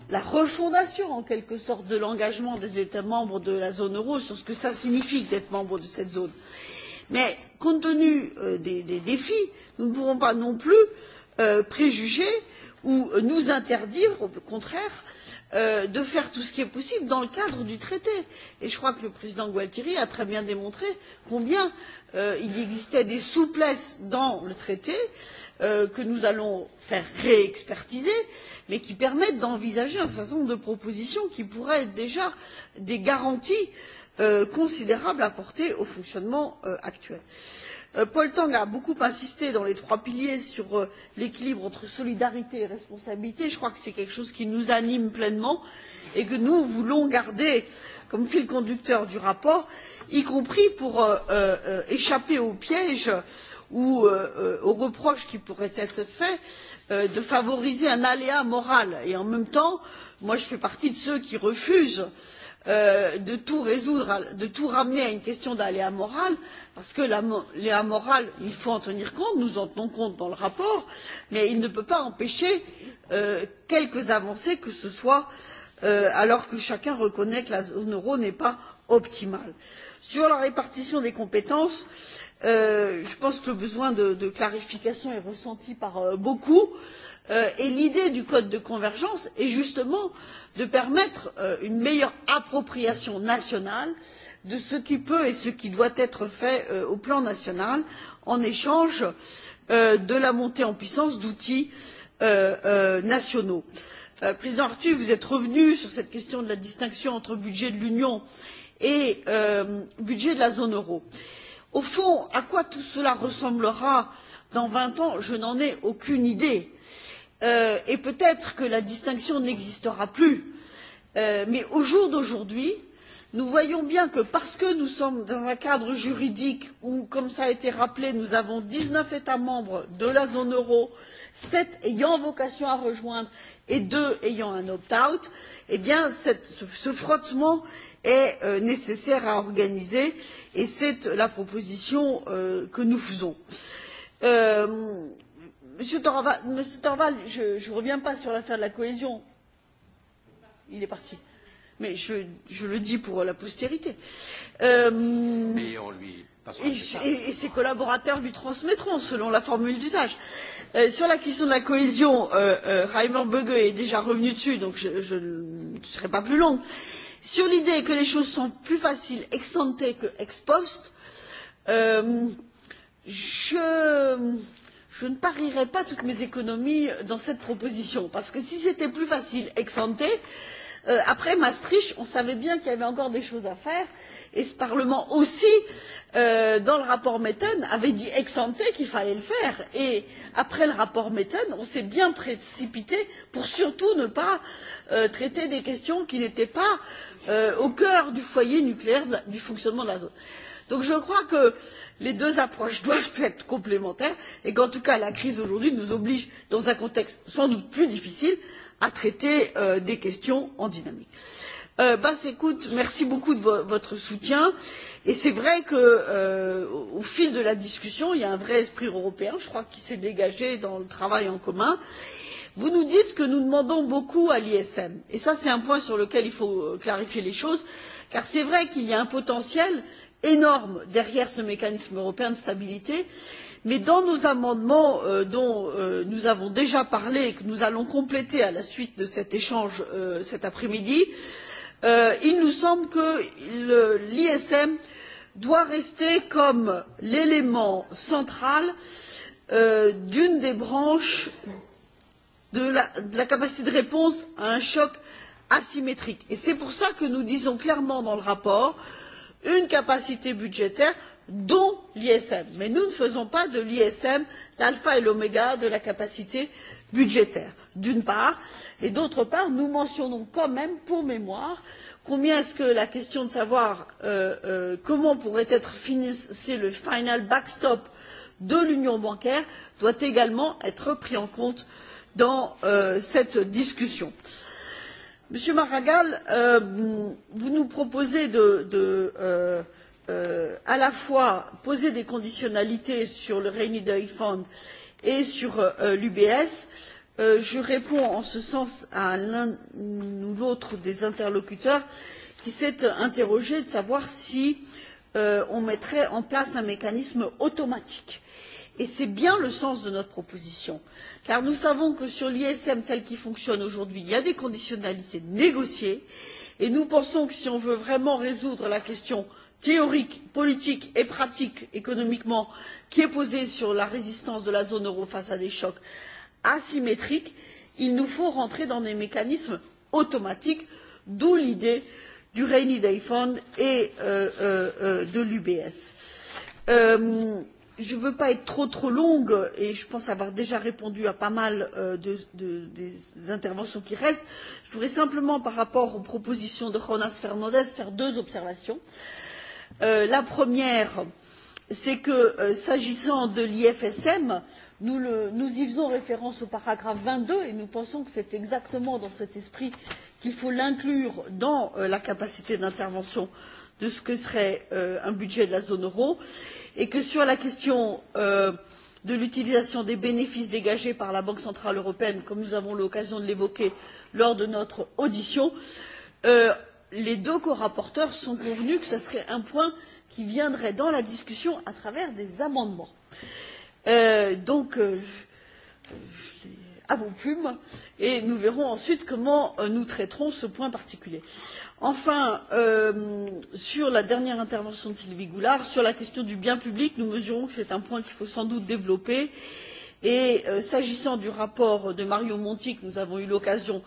la refondation en quelque sorte de l'engagement des États membres de la zone euro sur ce que cela signifie d'être membre de cette zone. Mais compte tenu euh, des, des défis, nous ne pourrons pas non plus euh, préjuger ou euh, nous interdire, au contraire, euh, Euh, de faire tout ce qui est possible dans le cadre du traité. Et je crois que le président Gualtieri a très bien démontré combien euh, il existait des souplesses dans le traité euh, que nous allons faire réexpertiser, mais qui permettent d'envisager un certain nombre de propositions qui pourraient être déjà des garanties considérables apportées au fonctionnement actuel. Euh, paul tang a beaucoup insisté dans les trois piliers sur euh, l'équilibre entre solidarité et responsabilité. je crois que c'est quelque chose qui nous anime pleinement et que nous voulons garder comme fil conducteur du rapport y compris pour euh, échapper au piège ou aux reproches qui pourraient être faits de favoriser un aléa moral. et en même temps moi, je fais partie de ceux qui refusent Euh, de tout résoudre de tout ramener à une question d'aléa moral parce que l'aléa moral il faut en tenir compte nous en tenons compte dans le rapport mais il ne peut pas empêcher euh, quelques avancées que ce soit euh, alors que chacun reconnaît que la zone euro n'est pas optimale. sur la répartition des compétences je pense que le besoin de, de clarification est ressenti par beaucoup et l'idée du code de convergence est justement de de permettre euh, une meilleure appropriation nationale de ce qui peut et ce qui doit être fait euh, au plan national en échange euh, de la montée en puissance d'outils nationaux. président arthuis vous êtes revenu sur cette question de la distinction entre budget de l'union et budget de la zone euro. au fond à quoi tout cela ressemblera dans vingt ans je n'en ai aucune idée Euh, et peut être que la distinction n'existera plus euh, mais au jour d'aujourd'hui nous voyons bien que parce que nous sommes dans un cadre juridique où comme cela a été rappelé nous avons dix neuf états membres de la zone euro sept ayant vocation à rejoindre et deux ayant un opt out eh bien ce, frottement est euh, nécessaire à organiser et c'est la proposition que nous faisons. Euh, Monsieur Torvald, je ne reviens pas sur l'affaire de la cohésion. Il est parti. Mais je, le dis pour la postérité. Euh, Mais on lui et, et, ses collaborateurs lui transmettront selon la formule d'usage. Euh, sur la question de la cohésion, euh, Reimer bge est déjà revenu dessus, donc je, ne serai pas plus longue. Sur l'idée que les choses sont plus faciles ex ante que ex post, je je ne parierais pas toutes mes économies dans cette proposition parce que si c'était plus facile ex ante euh, après maastricht on savait bien qu'il y avait encore des choses à faire et ce parlement aussi euh, dans le rapport metten avait dit ex ante qu'il fallait le faire et après le rapport metten on s'est bien précipité pour surtout ne pas euh, traiter des questions qui n'étaient pas au cœur du foyer nucléaire du fonctionnement de la zone. donc je crois que les deux approches [laughs] doivent être complémentaires et qu'en tout cas la crise aujourd'hui nous oblige dans un contexte sans doute plus difficile à traiter euh, des questions en dynamique. Euh, bas écoute merci beaucoup de votre soutien et c'est vrai qu'au euh, fil de la discussion il y a un vrai esprit européen je crois qui s'est dégagé dans le travail en commun. vous nous dites que nous demandons beaucoup à l'ism et ça c'est un point sur lequel il faut clarifier les choses car c'est vrai qu'il y a un potentiel mais énorme derrière ce mécanisme européen de stabilité mais dans nos amendements euh, dont euh, nous avons déjà parlé et que nous allons compléter à la suite de cet échange euh, cet après midi il nous semble que l'ism doit rester comme l'élément central d'une des branches de la, de la capacité de réponse à un choc asymétrique et c'est pour cela que nous disons clairement dans le rapport que une capacité budgétaire dont l'ism mais nous ne faisons pas de l'ism l'alpha et l'oméga de la capacité budgétaire d'une part et d'autre part nous mentionnons quand même pour mémoire combien est que la question de savoir euh, euh, comment pourrait être financé le final backstop de l'union bancaire doit également être prise en compte dans euh, cette discussion. enfin monsieur maragall euh, vous nous proposez de, euh, euh, à la fois poser des conditionnalités sur le rainy day fund et sur l'ubs. je réponds en ce sens à l'un ou l'autre des interlocuteurs qui s'est interrogé de savoir si on mettrait en place un mécanisme automatique et c'est bien le sens de notre proposition car nous savons que sur l'ism tel qu'il fonctionne aujourd'hui il y a des conditionnalités négociées et nous pensons que si on veut vraiment résoudre la question théorique politique et pratique économiquement qui est posée sur la résistance de la zone euro face à des chocs asymétriques il nous faut entrer dans des mécanismes automatiques d'où l'idée du rainy day fund et euh, euh, euh, de l'ubs je ne veux pas être trop trop longue et je pense avoir déjà répondu à pas mal euh, de, de, des interventions qui restent. Je voudrais simplement, par rapport aux propositions de Jonas Fernandez, faire deux observations. Euh, la première, c'est que euh, s'agissant de l'IFSM, nous, nous y faisons référence au paragraphe 22 et nous pensons que c'est exactement dans cet esprit euh, qu'il faut l'inclure dans euh, la capacité d'intervention de ce que serait euh, un budget de la zone euro et que sur la question euh, de l'utilisation des bénéfices dégagés par la banque centrale européenne comme nous avons eu l'occasion de l'évoquer lors de notre audition les deux corapporteurs sont convenus que ce serait un point qui viendrait dans la discussion à travers des amendements. donc à vos plumes et nous verrons ensuite comment euh, nous traiterons ce point particulier. enfin euh, sur la dernière intervention de sylvie goulard sur la question du bien public nous mesurons que c'est un point qu'il faut sans doute développer et euh, s'agissant du rapport de mario monti que nous avons eu l'occasion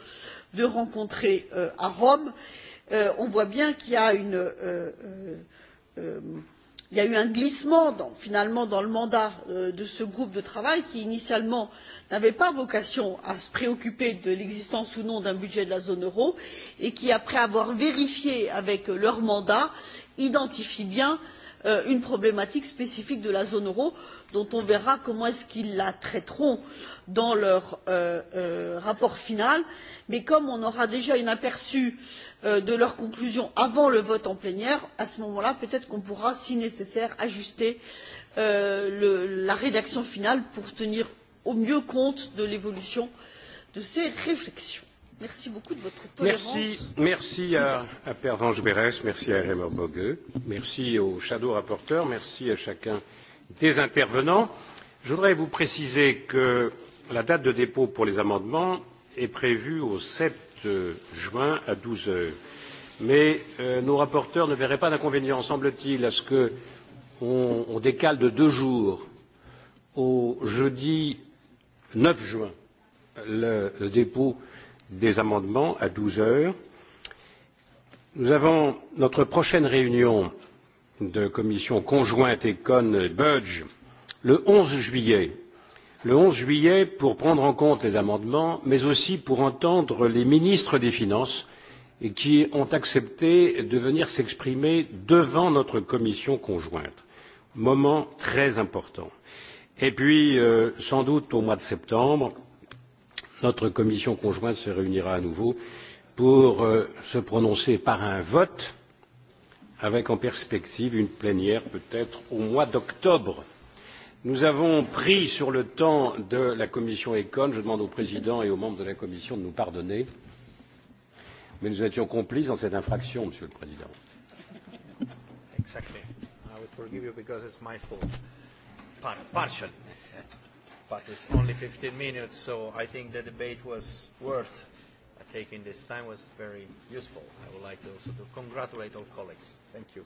de rencontrer à rome on voit bien qu'il y a une il y a eu un glissement dans, finalement dans le mandat de ce groupe de travail qui initialement n'avait pas vocation à se préoccuper de l'existence ou non d'un budget de la zone euro et qui après avoir vérifié avec leur mandat identifient bien euh, une problématique spécifique de la zone euro dont on verra comment ils la traiteront dans leur euh, euh, rapport final mais comme on aura déjà un aperçu de leurs conclusions avant le vote en plénière à ce moment là peut être qu'on pourra si nécessaire ajuster la rédaction finale pour tenir au mieux compte de l'évolution de ces réflexions. Merci beaucoup de votre tolérance. Merci, merci à, à Pervenche Berès, merci à Raymond Bogueux, merci aux shadow rapporteurs, merci à chacun des intervenants. Je voudrais vous préciser que la date de dépôt pour les amendements est prévue au 7 euh, juin à 12 heures. Mais euh, nos rapporteurs ne verraient pas d'inconvénient, semble-t-il, à ce qu'on on décale de deux jours au jeudi neuf juin le, dépôt des amendements à douze heures. Nous avons notre prochaine réunion de commission conjointe Econ Budge le onze juillet. Le onze juillet pour prendre en compte les amendements, mais aussi pour entendre les ministres des Finances qui ont accepté de venir s'exprimer devant notre commission conjointe. Moment très important. Et puis, euh, sans doute au mois de septembre, notre commission conjointe se réunira à nouveau pour euh, se prononcer par un vote, avec en perspective une plénière peut-être au mois d'octobre. Nous avons pris sur le temps de la commission Econ, je demande au président et aux membres de la commission de nous pardonner, mais nous étions complices dans cette infraction, monsieur le président. Exactly. I will forgive you because it's my fault par partially. But it's only 15 minutes, so I think the debate was worth uh, taking this time was very useful. I would like to also to congratulate all colleagues. Thank you.